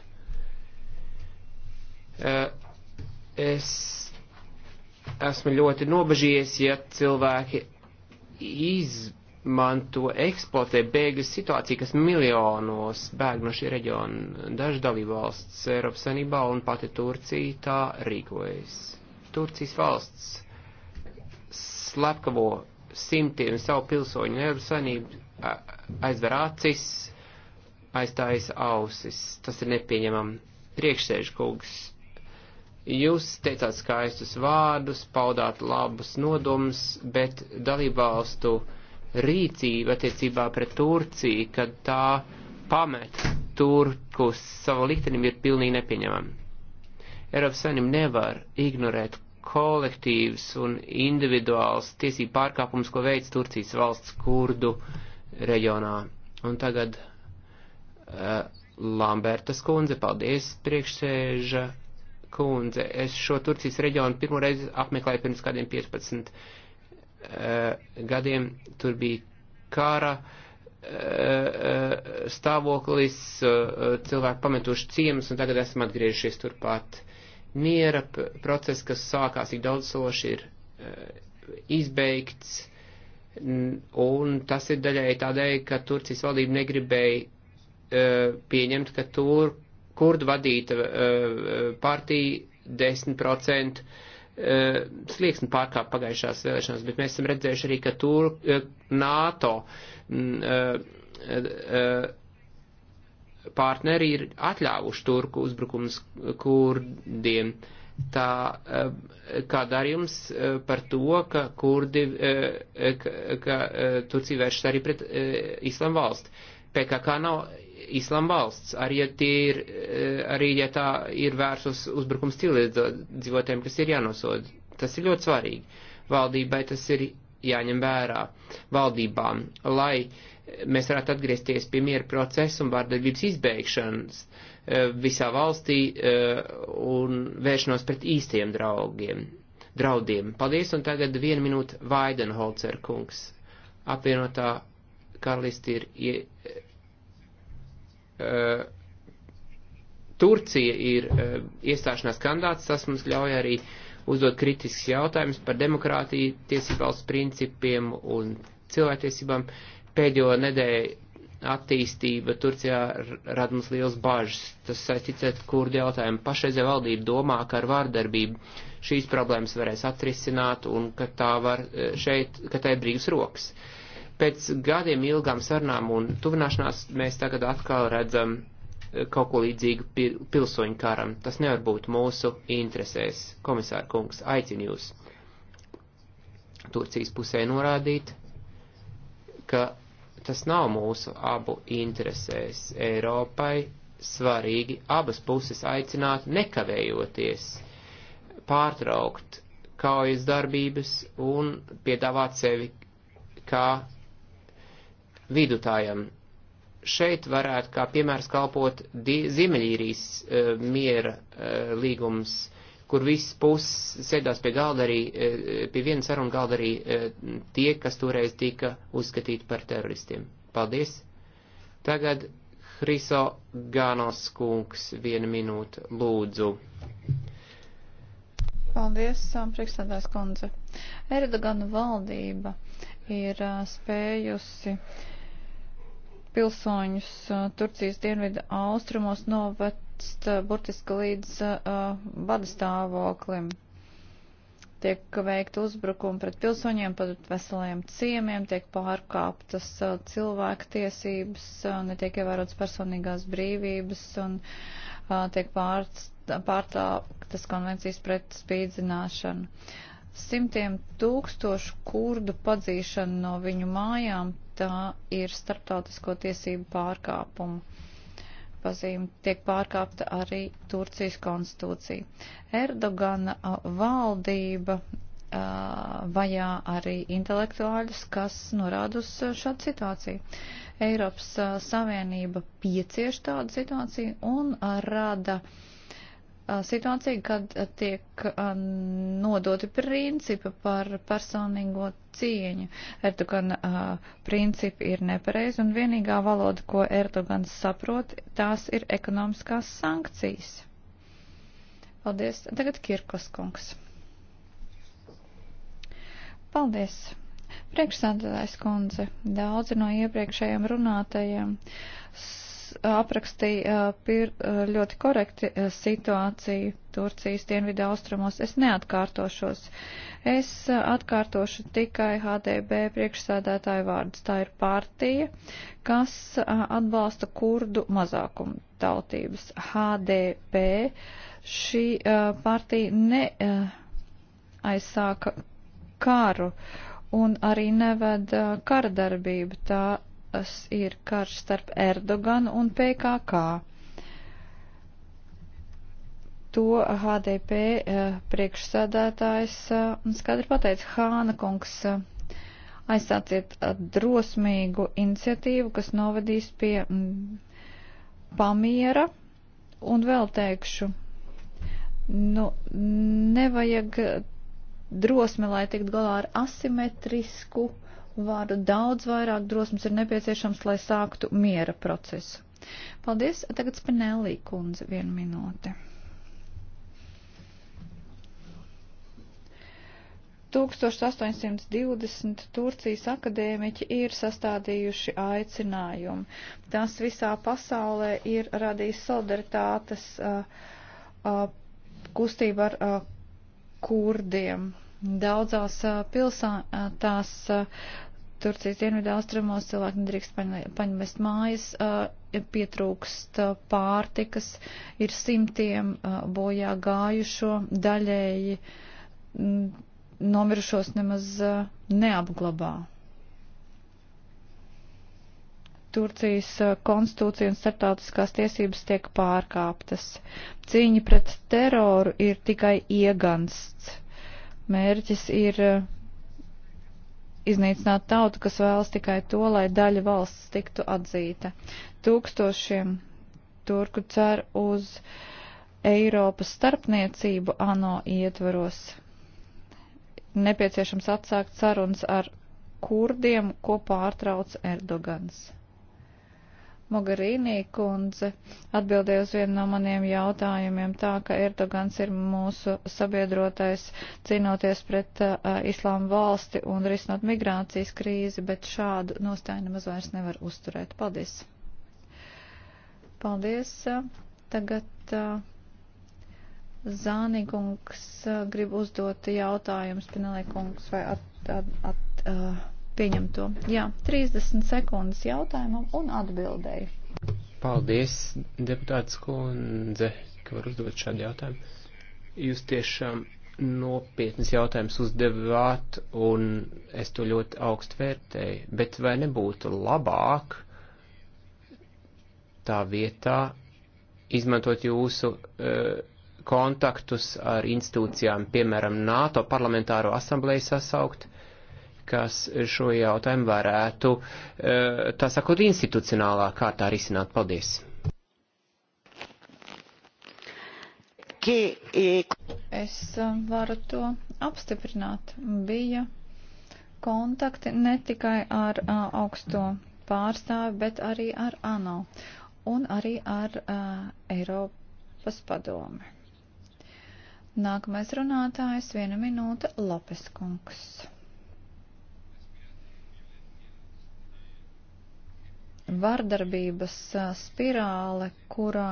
Eh, es esmu ļoti nobežījies, ja cilvēki izmanto eksploatē bēgļu situāciju, kas miljonos bēg no šī reģiona. Daži dalībvalsts Eiropas Sanībā un pati Turcija tā rīkojas. Turcijas valsts slepkavo simtiem savu pilsoņu Eiropas Savienību aizver acis, aizstājas ausis. Tas ir nepieņemam. Priekšsēžkungs, jūs teicāt skaistus vārdus, paudāt labus nodomus, bet dalībvalstu rīcība attiecībā pret Turciju, kad tā pamet Turkus savu liktenim, ir pilnīgi nepieņemama. Eiropas Savienība nevar ignorēt kolektīvs un individuāls tiesību pārkāpums, ko veids Turcijas valsts kurdu reģionā. Un tagad uh, Lambertas kundze, paldies priekšsēža kundze. Es šo Turcijas reģionu pirmo reizi apmeklēju pirms kādiem 15 uh, eh, gadiem. Tur bija kara uh, stāvoklis, cilvēki pametuši ciemus un tagad esam atgriežies turpat Miera process, kas sākās tik daudz soši, ir eh, izbeigts, un tas ir daļai tādēļ, ka Turcijas valdība negribēja eh, pieņemt, ka tur kurdu vadīta eh, partija 10% slieksni pārkāp pagājušās vēlēšanās, bet mēs esam redzējuši arī, ka tur NATO partneri ir atļāvuši turku uzbrukums kurdiem. Tā eh, kā darījums eh, par to, ka kurdi, eh, ka, ka Turcija vēršas arī pret Islam valsti. PKK nav Islam valsts, arī ja, ir, arī, ja tā ir vērsus uzbrukums cilvēdzīvotiem, kas ir jānosoda. Tas ir ļoti svarīgi. Valdībai tas ir jāņem vērā valdībām, lai uh, mēs varētu atgriezties pie miera procesa un vārdarbības izbeigšanas e, visā valstī e, un vēršanos pret īstiem draugiem, draudiem. Paldies, un tagad vienu minūtu Vaidenholzer kungs. Apvienotā karalisti ir. Ja, uh, e, Turcija ir uh, iestāšanās kandidāts, tas mums ļauj arī uzdot kritisks jautājums par demokrātiju, tiesībvalsts principiem un cilvēktiesībām. Uh, pēdējo nedēļu attīstība Turcijā rada mums liels bažas. Tas saistīts ar kurdu jautājumu. Pašreizē valdība domā, ka ar vārdarbību šīs problēmas varēs atrisināt un ka tā var e, šeit, ka tā ir brīvs rokas. Pēc gadiem ilgām sarunām un tuvināšanās mēs tagad atkal redzam e, kaut ko līdzīgu pilsoņu karam. Tas nevar būt mūsu interesēs. Komisāra kungs, aicinu jūs Turcijas pusē norādīt, ka tas nav mūsu abu interesēs. Eiropai svarīgi abas puses aicināt nekavējoties, pārtraukt kaujas darbības un piedāvāt sevi kā vidutājam. Šeit varētu kā piemērs kalpot Ziemeļīrijas uh, miera uh, līgums kur viss puses sēdās pie galda arī, e, pie viena saruna galda arī e, tie, kas toreiz tika uzskatīti par teroristiem. Paldies! Tagad Hriso Ganos kungs, viena minūte, lūdzu. Paldies, um, priekšstādājs kundze. Erdogana valdība ir uh, spējusi pilsoņus uh, Turcijas dienvidu austrumos novet novērsts eh, burtiski līdz eh, bada stāvoklim. Tiek veikta uzbrukuma pret pilsoņiem, pret veseliem ciemiem, tiek pārkāptas eh, cilvēku tiesības, netiek ievērotas personīgās brīvības un tiek pārtrauktas konvencijas pret spīdzināšanu simtiem tūkstošu kurdu padzīšana no viņu mājām, tā ir starptautisko tiesību pārkāpuma pazīme tiek pārkāpta arī Turcijas konstitūcija. Erdogana valdība vajā arī intelektuāļus, kas norāda uz šādu situāciju. Eiropas Savienība piecieš tādu situāciju un rada uh, situācija, kad tiek nodoti principi par personīgo cieņu. Erdogan principi ir nepareizi, un vienīgā valoda, ko Erdogans saprot, tās ir ekonomiskās sankcijas. Paldies. Tagad Kirkos kungs. Paldies. Priekšsādātājs kundze, daudzi no iepriekšējiem runātajiem aprakstīja pir, ļoti korekti situāciju Turcijas dienvidu austrumos. Es neatkārtošos. Es atkārtošu tikai HDB priekšsēdētāju vārdus. Tā ir partija, kas atbalsta kurdu mazākumu tautības. HDP šī partija neaizsāka karu un arī neved kardarbību. Tā tas ir karš starp Erdoganu un PKK. To HDP eh, priekšsēdētājs eh, skaidri pateica Hāna kungs eh, aizsāciet drosmīgu iniciatīvu, kas novedīs pie mm, pamiera. Un vēl teikšu, nu, nevajag drosmi, lai tikt galā ar asimetrisku uh, vārdu, daudz vairāk drosmes ir nepieciešams, lai sāktu miera procesu. Paldies, tagad Spinelli kundze vienu minūti. 1820 Turcijas akadēmiķi ir sastādījuši aicinājumu. Tas visā pasaulē ir radījis solidaritātes uh, uh, kustību ar uh, kurdiem. Daudzās pilsētās Turcijas dienvidu austrumos cilvēki nedrīkst paņemest mājas, pietrūkst pārtikas, ir simtiem bojā gājušo, daļēji nomirušos nemaz neapglabā. Turcijas konstitūcija un starptautiskās tiesības tiek pārkāptas. Cīņa pret teroru ir tikai iegansts mērķis ir eh, iznīcināt tautu, kas vēlas tikai to, lai daļa valsts tiktu atzīta. Tūkstošiem turku cer uz Eiropas starpniecību ANO ietvaros. Nepieciešams atsākt sarunas ar kurdiem, ko pārtrauc Erdogans. Mogarīnī kundze atbildēja uz vienu no maniem jautājumiem tā, ka Erdogans ir mūsu sabiedrotais cīnoties pret uh, islāma valsti un risinot migrācijas krīzi, bet šādu nostāju nemaz vairs nevar uzturēt. Paldies! Paldies! Tagad uh, Zānīkungs uh, grib uzdot jautājumus, Pinelē kungs, vai at, at, at, uh, pieņemto. Jā, 30 sekundes jautājumam un atbildēju. Paldies, deputāts kundze, ka var uzdot šādu jautājumu. Jūs tiešām nopietnas jautājums uzdevāt, un es to ļoti augstu vērtēju, bet vai nebūtu labāk tā vietā izmantot jūsu e, kontaktus ar institūcijām, piemēram, NATO parlamentāro asambleju sasaukt, kas šo jautājumu varētu, eh, tā sakot, institucionālā kārtā risināt. Paldies! Es eh, varu to apstiprināt. Bija kontakti ne tikai ar eh, augsto pārstāvi, bet arī ar ANO un arī ar Eiropas padomi. Nākamais runātājs viena minūte Lopes kungs. vardarbības spirāle, kurā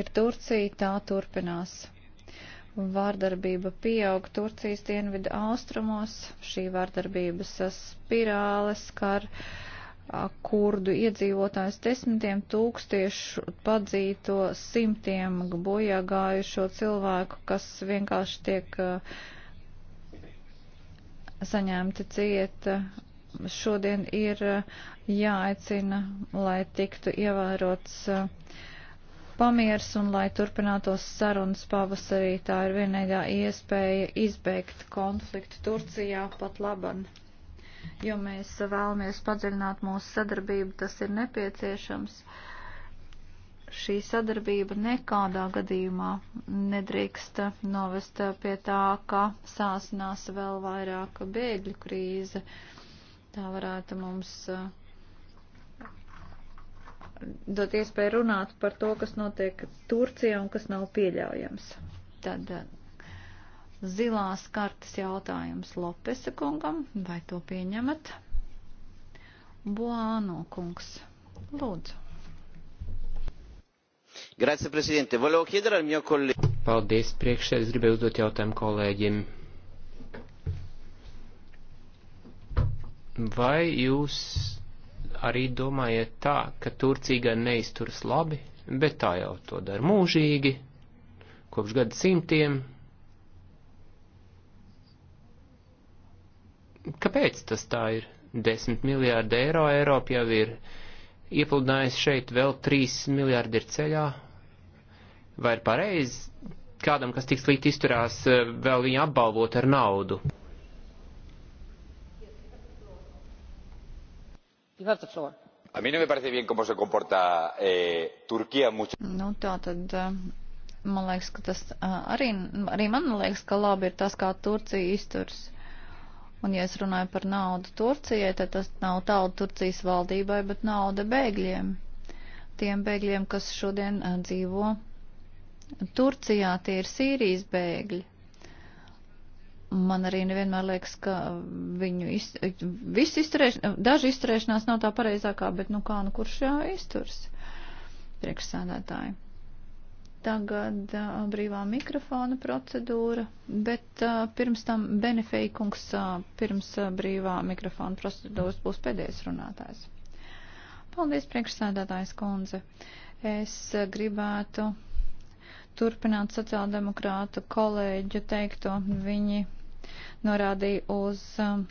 ir Turcija, tā turpinās. Vārdarbība pieaug Turcijas dienvidu austrumos, šī vārdarbības spirāle skar kurdu iedzīvotājs desmitiem tūkstiešu padzīto simtiem bojā gājušo cilvēku, kas vienkārši tiek saņemti cieta šodien ir eh, jāaicina, lai tiktu ievērots eh, pamiers un lai turpinātos sarunas pavasarī. Tā ir vienīgā iespēja izbeigt konfliktu Turcijā pat laban. Jo mēs vēlamies padziļināt mūsu sadarbību, tas ir nepieciešams. Šī sadarbība nekādā gadījumā nedrīkst novest pie tā, ka sāsinās vēl vairāk bēgļu krīze. Uh, Tā varētu mums eh, dot iespēju runāt par to, kas notiek Turcijā un kas nav pieļaujams. Tad eh, zilās kartas jautājums Lopesa kungam, vai to pieņemat? Buāno kungs, lūdzu. Grazie, prezidente. Volevo chiedere al mio collega. Paldies, priekšsēdētājs. Gribēju uzdot jautājumu kolēģim Vai jūs arī domājat tā, ka Turcija gan neizturas labi, bet tā jau to dara mūžīgi, kopš gadu simtiem? Kāpēc tas tā ir? 10 miljārdi eiro Eiropa jau ir iepludinājusi šeit, vēl 3 miljārdi ir ceļā. Vai ir pareizi kādam, kas tik slikti izturās, eh, vēl viņu apbalvot ar naudu? A mí no me parece bien cómo se comporta eh, Turquía mucho. Nu, tā tad, eh, man liekas, ka tas eh, arī, arī man liekas, ka labi ir tas, kā Turcija izturs. Un, ja es runāju par naudu Turcijai, tad tas nav tauda Turcijas valdībai, bet nauda bēgļiem. Tiem bēgļiem, kas šodien eh, dzīvo Turcijā, tie ir Sīrijas bēgļi man arī nevienmēr liekas, ka viņu iz, visu izturēšanās, daži izturēšanās nav tā pareizākā, bet nu kā nu kurš jā izturs priekšsādātāji. Tagad uh, brīvā mikrofona procedūra, bet uh, pirms tam Benefeikungs uh, pirms uh, brīvā mikrofona procedūras būs pēdējais runātājs. Paldies, priekšsēdētājs kundze. Es uh, gribētu turpināt sociāldemokrātu kolēģu teikto. Viņi norādīja uz um,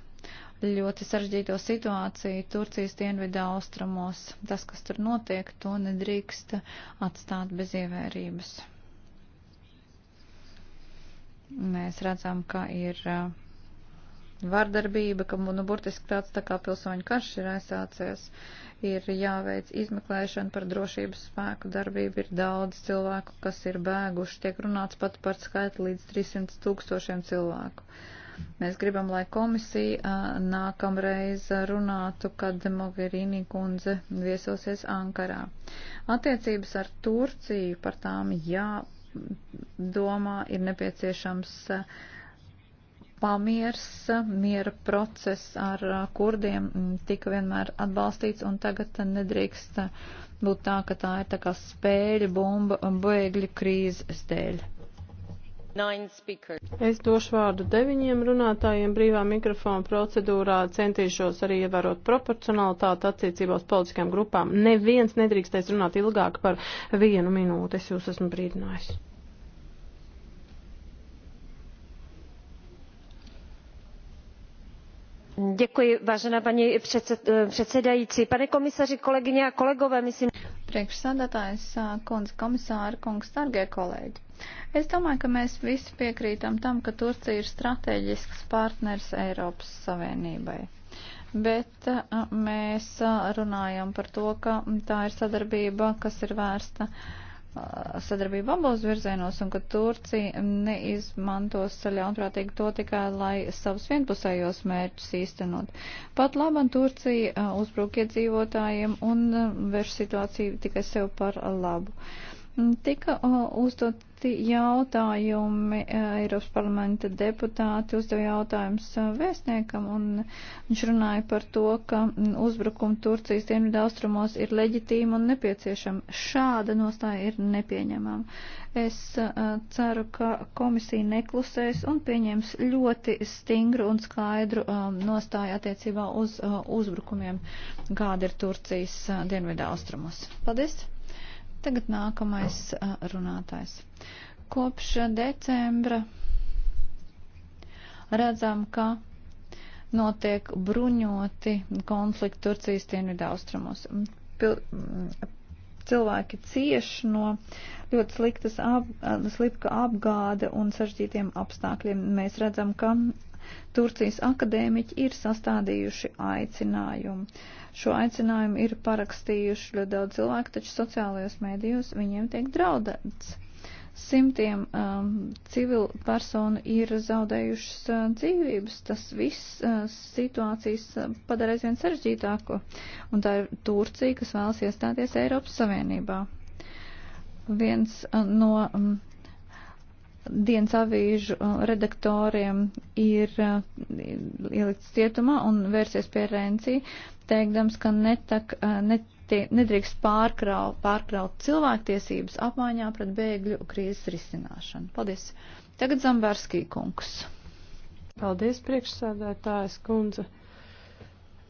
ļoti sarežģīto situāciju Turcijas dienvidu austrumos. Tas, kas tur notiek, to nedrīkst atstāt bez ievērības. Mēs redzam, ka ir uh, vardarbība, ka, nu, burtiski tāds tā kā pilsoņu karš ir aizsācies, ir jāveic izmeklēšana par drošības spēku darbību, ir daudz cilvēku, kas ir bēguši, tiek runāts pat par skaitu līdz 300 tūkstošiem cilvēku. Mēs gribam, lai komisija nākamreiz runātu, kad Mogherini kundze viesosies Ankarā. Attiecības ar Turciju par tām jādomā ir nepieciešams uh, pamiers, miera process ar uh, kurdiem mm, tika vienmēr atbalstīts, un tagad uh, nedrīkst uh, būt tā, ka tā ir tā kā spēļu bumba bēgļu krīzes dēļ. Es došu vārdu deviņiem runātājiem brīvā mikrofona procedūrā, centīšos arī ievērot proporcionalitāti attiecībās politiskajām grupām. Neviens nedrīkstēs runāt ilgāk par vienu minūti, es jūs esmu brīdinājis. paní předsedající pane komisaři kolegyně a kolegové myslím. priekšsēdētājs kundze komisāra kungs dargie kolēģi es domāju ka mēs visi piekrītam tam ka turcija ir strateģisks partners eiropas savienībai bet mēs runājam par to ka tā ir sadarbība kas ir vērsta sadarbību abos virzienos un ka Turcija neizmantos ļaunprātīgi to tikai, lai savus vienpusējos mērķus īstenot. Pat labam Turcija uzbruk iedzīvotājiem un vērš situāciju tikai sev par labu. Tika uzdoti jautājumi, e, Eiropas parlamenta deputāti uzdeva jautājumus e, vēstniekam, un viņš runāja par to, ka uzbrukumi Turcijas dienvidu austrumos ir leģitīmi un nepieciešami. Šāda nostāja ir nepieņemama. Es e, ceru, ka komisija neklusēs un pieņems ļoti stingru un skaidru nostāju attiecībā uz uzbrukumiem, kāda ir Turcijas dienvidu austrumos. Paldies! Tagad nākamais runātājs. Kopš decembra redzam, ka notiek bruņoti konflikti Turcijas dienvidaustrumos. Cilvēki cieš no ļoti sliktas ap, slipka apgāde un sažģītiem apstākļiem. Mēs redzam, ka Turcijas akadēmiķi ir sastādījuši aicinājumu. Uh, Šo aicinājumu ir parakstījuši ļoti daudz cilvēku, taču sociālajos mēdījos viņiem tiek draudēts. Simtiem um, civilu personu ir zaudējušas uh, dzīvības. Tas viss uh, situācijas uh, padarēs vien sarežģītāko. Un tā ir Turcija, kas vēlas iestāties Eiropas Savienībā. Viens uh, no. Um, dienas avīžu uh, redaktoriem ir uh, ielikts cietumā un vērsies pie Renci, teikdams, ka netak, uh, netie, nedrīkst pārkraut, pārkraut cilvēktiesības apmaiņā pret bēgļu krīzes risināšanu. Paldies. Tagad Zambērskī kungs. Paldies, priekšsēdētājas kundze.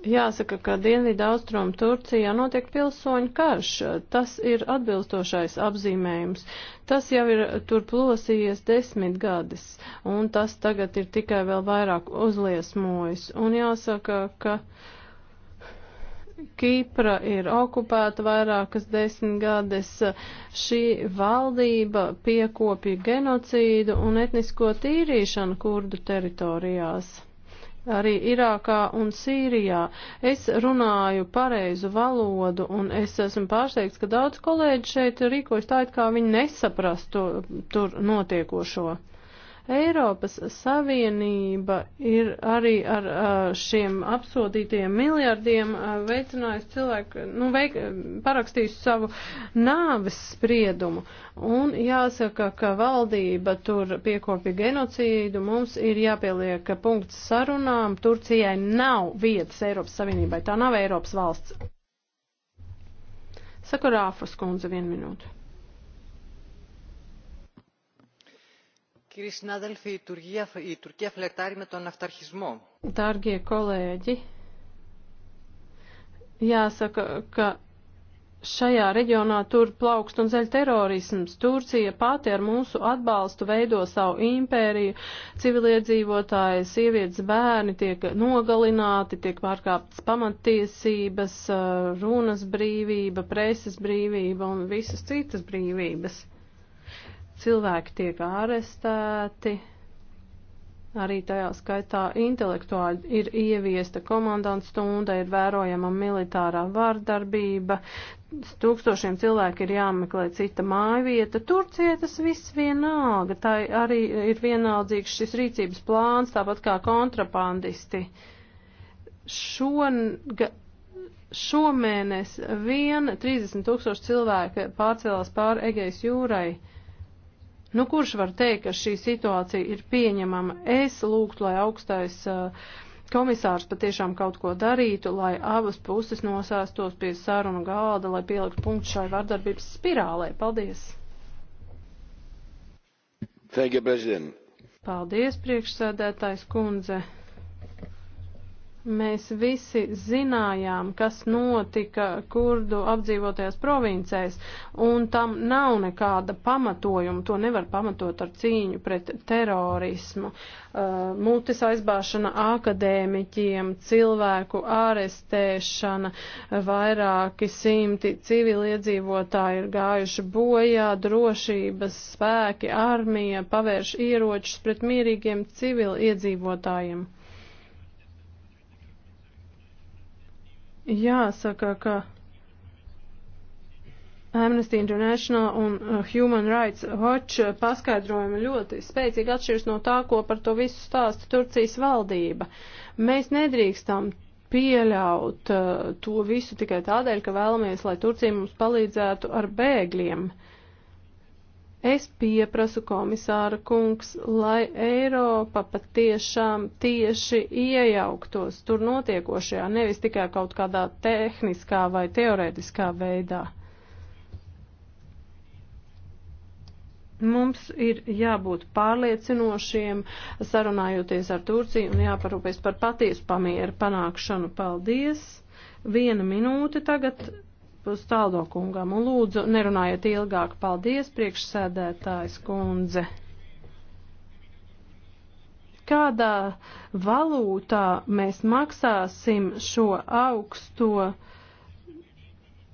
Jāsaka, ka Dienvidu austrumu Turcijā notiek pilsoņu karš. Tas ir atbilstošais apzīmējums. Tas jau ir tur plosījies desmit gadus, un tas tagad ir tikai vēl vairāk uzliesmojis. Un jāsaka, ka Kīpra ir okupēta vairākas desmit gades. Šī valdība piekopja genocīdu un etnisko tīrīšanu kurdu teritorijās arī Irākā un Sīrijā. Es runāju pareizu valodu, un es esmu pārsteigts, ka daudz kolēģi šeit rīkojas tā, it kā viņi nesaprastu tur notiekošo. Eiropas Savienība ir arī ar šiem apsodītajiem miljardiem veicinājusi cilvēku, nu, veik, parakstījusi savu nāves spriedumu. Un jāsaka, ka valdība tur piekopja genocīdu, mums ir jāpieliek punkts sarunām, Turcijai nav vietas Eiropas Savienībai, tā nav Eiropas valsts. Saka Rāfas kundze vienu minūtu. Dārgie kolēģi, jāsaka, ka šajā reģionā tur plaukst un zeļ terorisms. Turcija pati ar mūsu atbalstu veido savu impēriju, civiliedzīvotāji, sievietes, bērni tiek nogalināti, tiek pārkāptas pamattiesības, eh, runas brīvība, preses brīvība un visas citas brīvības cilvēki tiek ārestēti, arī tajā skaitā intelektuāļi ir ieviesta komandants stunda, ir vērojama militārā vārdarbība, tūkstošiem cilvēku ir jāmeklē cita mājvieta. Turcija tas viss vienalga, tā arī ir vienaldzīgs šis rīcības plāns, tāpat kā kontrabandisti. Šonga, šomēnes vien 30 tūkstoši cilvēku pārcēlās pāri Egejas jūrai. Nu, kurš var teikt, ka šī situācija ir pieņemama? Es lūgtu, lai augstais uh, komisārs patiešām kaut ko darītu, lai abas puses nosēstos pie sarunu galda, lai pielikt punktu šai vardarbības spirālē. Paldies! Thank you, President. Paldies, priekšsēdētājs kundze. Mēs visi zinājām, kas notika kurdu apdzīvotajās provincēs, un tam nav nekāda pamatojuma. To nevar pamatot ar cīņu pret terorismu. Uh, mutes aizbāšana akadēmiķiem, cilvēku ārestēšana, vairāki simti civiliedzīvotāji ir gājuši bojā, drošības spēki, armija pavērš ieročus pret mierīgiem civiliedzīvotājiem. Jāsaka, ka Amnesty International un uh, Human Rights Watch paskaidrojumi ļoti spēcīgi atšķiras no tā, ko par to visu stāsta Turcijas valdība. Mēs nedrīkstam pieļaut uh, to visu tikai tādēļ, ka vēlamies, lai Turcija mums palīdzētu ar bēgļiem. Uh, Es pieprasu komisāra kungs, lai Eiropa patiešām tieši iejauktos tur notiekošajā, nevis tikai kaut kādā tehniskā vai teorētiskā veidā. Mums ir jābūt pārliecinošiem, sarunājoties ar Turciju un jāparūpēs par patiesu pamieru panākšanu. Paldies! Viena minūte tagad Staldo kungam un lūdzu nerunājiet ilgāk. Paldies, priekšsēdētājs kundze. Kādā valūtā mēs maksāsim šo augsto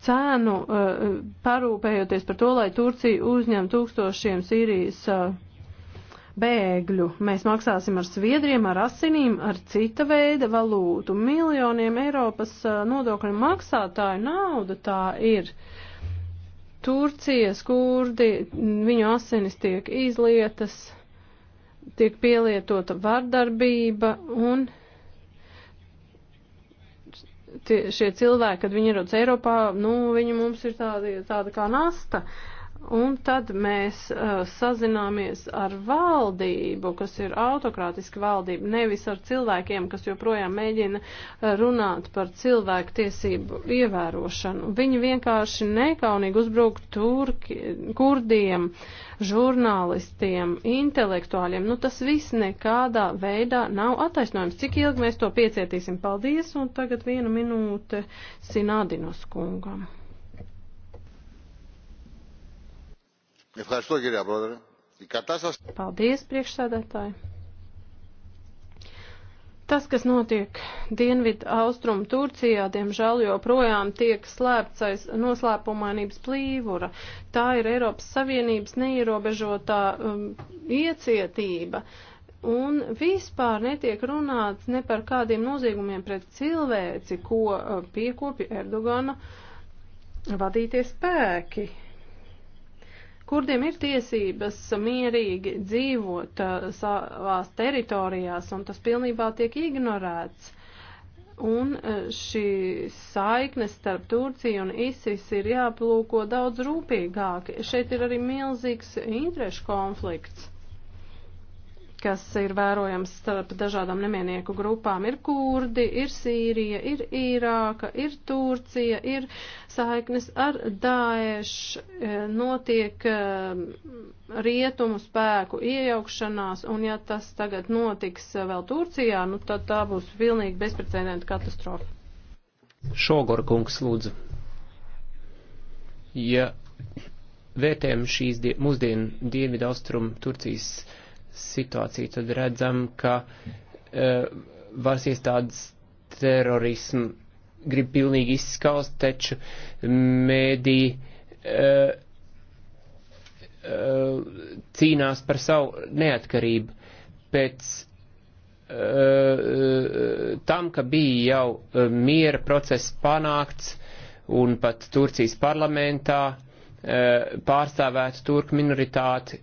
cēnu, eh, parūpējoties par to, lai Turcija uzņem tūkstošiem Sīrijas eh, bēgļu. Mēs maksāsim ar sviedriem, ar asinīm, ar cita veida valūtu. Miljoniem Eiropas nodokļu maksātāju nauda tā ir. Turcijas kurdi, viņu asinis tiek izlietas, tiek pielietota vardarbība un tie, šie cilvēki, kad viņi ierodas Eiropā, nu, viņi mums ir tādi, tāda kā nasta. Uh, Un tad mēs uh, sazināmies ar valdību, kas ir autokrātiska valdība, nevis ar cilvēkiem, kas joprojām mēģina uh, runāt par cilvēku tiesību ievērošanu. Viņi vienkārši nekaunīgi uzbruk turki, kurdiem, žurnālistiem, intelektuāļiem. Nu, tas viss nekādā veidā nav attaisnojums. Cik ilgi mēs to piecietīsim? Paldies, un tagad viena minūte Sinādinos kungam. Paldies, priekšsēdētāji! Tas, kas notiek dienvidu austrumu Turcijā, diemžēl joprojām tiek slēpts aiz noslēpumainības plīvura. Tā ir Eiropas Savienības neierobežotā um, iecietība. Un vispār netiek runāts ne par kādiem noziegumiem pret cilvēci, ko uh, piekopja Erdogana vadīties spēki. Uh, Kurdiem ir tiesības mierīgi dzīvot uh, savās teritorijās, un tas pilnībā tiek ignorēts. Un uh, šī saikne starp Turciju un ISIS ir jāplūko daudz rūpīgāk. Šeit ir arī milzīgs interešu konflikts kas ir vērojams starp dažādām nemienieku grupām. Ir kurdi, ir Sīrija, ir Īrāka, ir Turcija, ir saiknes ar Daesh, e, notiek e, rietumu spēku iejaukšanās, un ja tas tagad notiks vēl Turcijā, nu tad tā būs pilnīgi bezprecedenta katastrofa. Šogor kungs lūdzu. Ja vērtējam šīs die, mūsdienu dienvidu austrumu Turcijas situāciju, tad redzam, ka uh, varas iestādes terorismu grib pilnīgi izskaust, taču mēdī uh, uh, cīnās par savu neatkarību. Pēc uh, tam, ka bija jau miera process panākts un pat Turcijas parlamentā pārstāvētu turku minoritāti,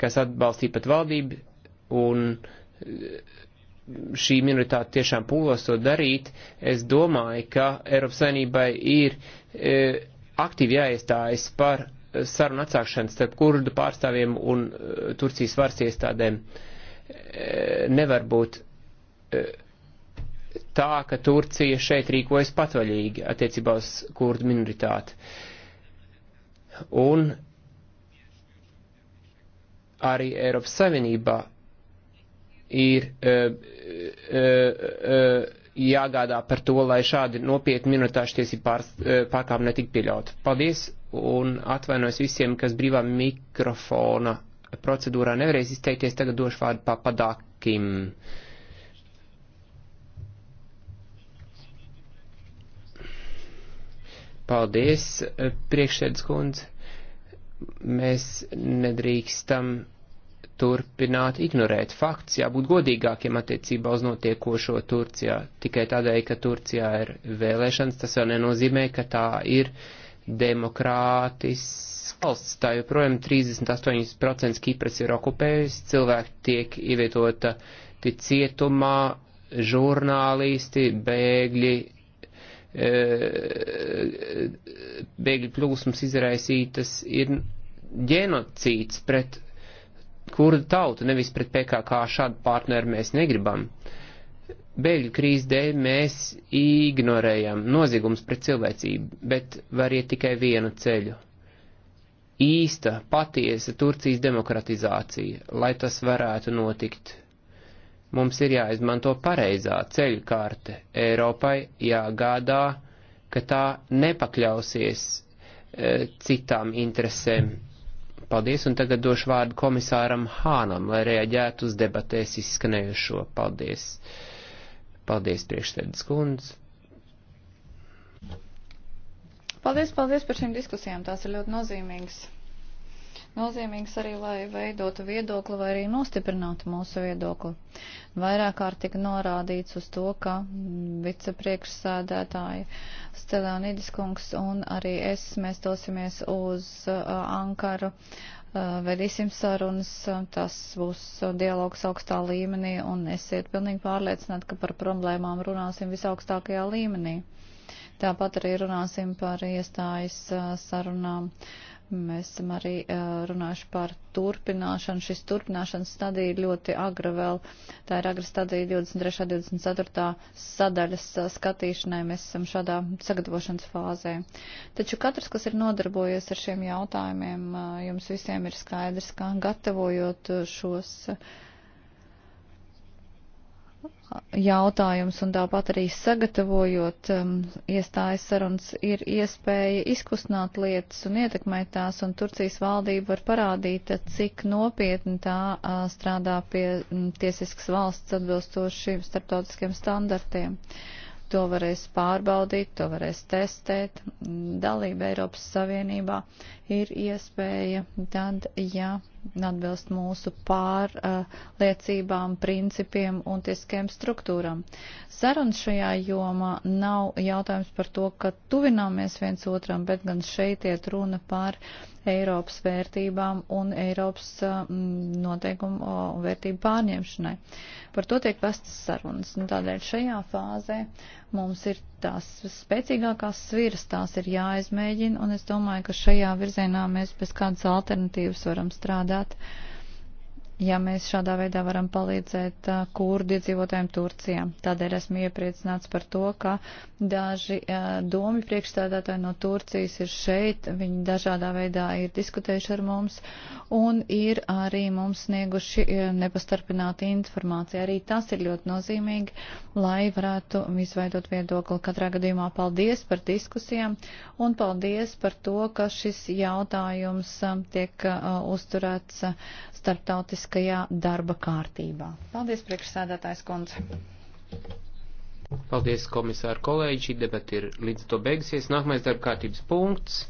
kas atbalstīja pat valdību, un šī minoritāte tiešām pūlos to darīt, es domāju, ka Eiropas Savienībai ir e, aktīvi jāiestājas par sarunu atsākšanu starp kurdu pārstāvjiem un e, Turcijas varas iestādēm. E, nevar būt e, tā, ka Turcija šeit rīkojas patvaļīgi attiecībā uz kurdu minoritāti. Un arī Eiropas Savienībā ir uh, uh, uh, jāgādā par to, lai šādi nopietni minoritāšu tiesību e, pārkāpumi netika pieļauti. Paldies un atvainojos visiem, kas brīvā mikrofona procedūrā nevarēs izteikties. Tagad došu vārdu papadākim. Paldies, priekšsēdus kundze. Mēs nedrīkstam turpināt ignorēt fakts, jābūt godīgākiem attiecībā uz notiekošo Turcijā. Tikai tādēļ, ka Turcijā ir vēlēšanas, tas vēl nenozīmē, ka tā ir demokrātisks valsts. Tā joprojām 38% Kipras ir okupējusi, cilvēki tiek ievietota cietumā, žurnālisti, bēgļi, eh, bēgļu plūsmas izraisītas ir genocīds pret kurdu tautu, nevis pret PKK šādu partneru mēs negribam. Bēļu krīzes dēļ mēs ignorējam noziegums pret cilvēcību, bet var iet tikai vienu ceļu. Īsta, patiesa Turcijas demokratizācija, lai tas varētu notikt. Mums ir jāizmanto pareizā ceļkārte Eiropai, jāgādā, ka tā nepakļausies e, citām interesēm Paldies, un tagad došu vārdu komisāram Hānam, lai reaģētu uz debatēs izskanējušo. Paldies. Paldies, priekšsēdus kundz. Paldies, paldies par šīm diskusijām. Tās ir ļoti nozīmīgas nozīmīgs arī, lai veidotu viedokli vai arī nostiprinātu mūsu viedokli. Vairāk kārt tika norādīts uz to, ka vicepriekšsēdētāji Stelēnidis kungs un arī es, mēs dosimies uz uh, Ankaru, uh, vedīsim sarunas, tas būs dialogs augstā līmenī un esiet pilnīgi pārliecināti, ka par problēmām runāsim visaugstākajā līmenī. Tāpat arī runāsim par iestājas uh, sarunām. Uh, Mēs esam arī eh, runājuši par turpināšanu. Šis turpināšanas stadija ir ļoti agra vēl. Tā ir agra stadija 23. 24. sadaļas eh, skatīšanai. Mēs esam šādā sagatavošanas fāzē. Taču katrs, kas ir nodarbojies ar šiem jautājumiem, eh, jums visiem ir skaidrs, kā gatavojot šos uh, jautājums un tāpat arī sagatavojot um, iestājas sarunas ir iespēja izkustināt lietas un ietekmēt tās, un Turcijas valdība var parādīt, cik nopietni tā uh, strādā pie um, tiesiskas valsts atbilstošiem starptautiskiem standartiem. To varēs pārbaudīt, to varēs testēt. Dalība Eiropas Savienībā ir iespēja tad, ja atbilst mūsu pārliecībām, uh, principiem un tieskiem struktūram. Sarunas šajā jomā nav jautājums par to, ka tuvināmies viens otram, bet gan šeit iet runa par Eiropas vērtībām un Eiropas uh, noteikumu un vērtību pārņemšanai. Par to tiek vestas sarunas. Un nu, tādēļ šajā fāzē Mums ir tās spēcīgākās sviras, tās ir jāizmēģina, un es domāju, ka šajā virzienā mēs bez kādas alternatīvas varam strādāt. Uh, ja mēs šādā veidā varam palīdzēt kurdu iedzīvotājiem Turcijā. Tādēļ esmu iepriecināts par to, ka daži domi priekšstādātāji no Turcijas ir šeit, viņi dažādā veidā ir diskutējuši ar mums un ir arī mums snieguši nepastarpināti informāciju. Arī tas ir ļoti nozīmīgi, lai varētu izveidot viedokli. Katrā gadījumā paldies par diskusijām un paldies par to, ka šis jautājums tiek uzturēts starptautiskajā darba kārtībā. Paldies, priekšsēdētājs kundze. Paldies, komisāra kolēģi. Šī debata ir līdz to beigusies. Nākamais darba kārtības punkts.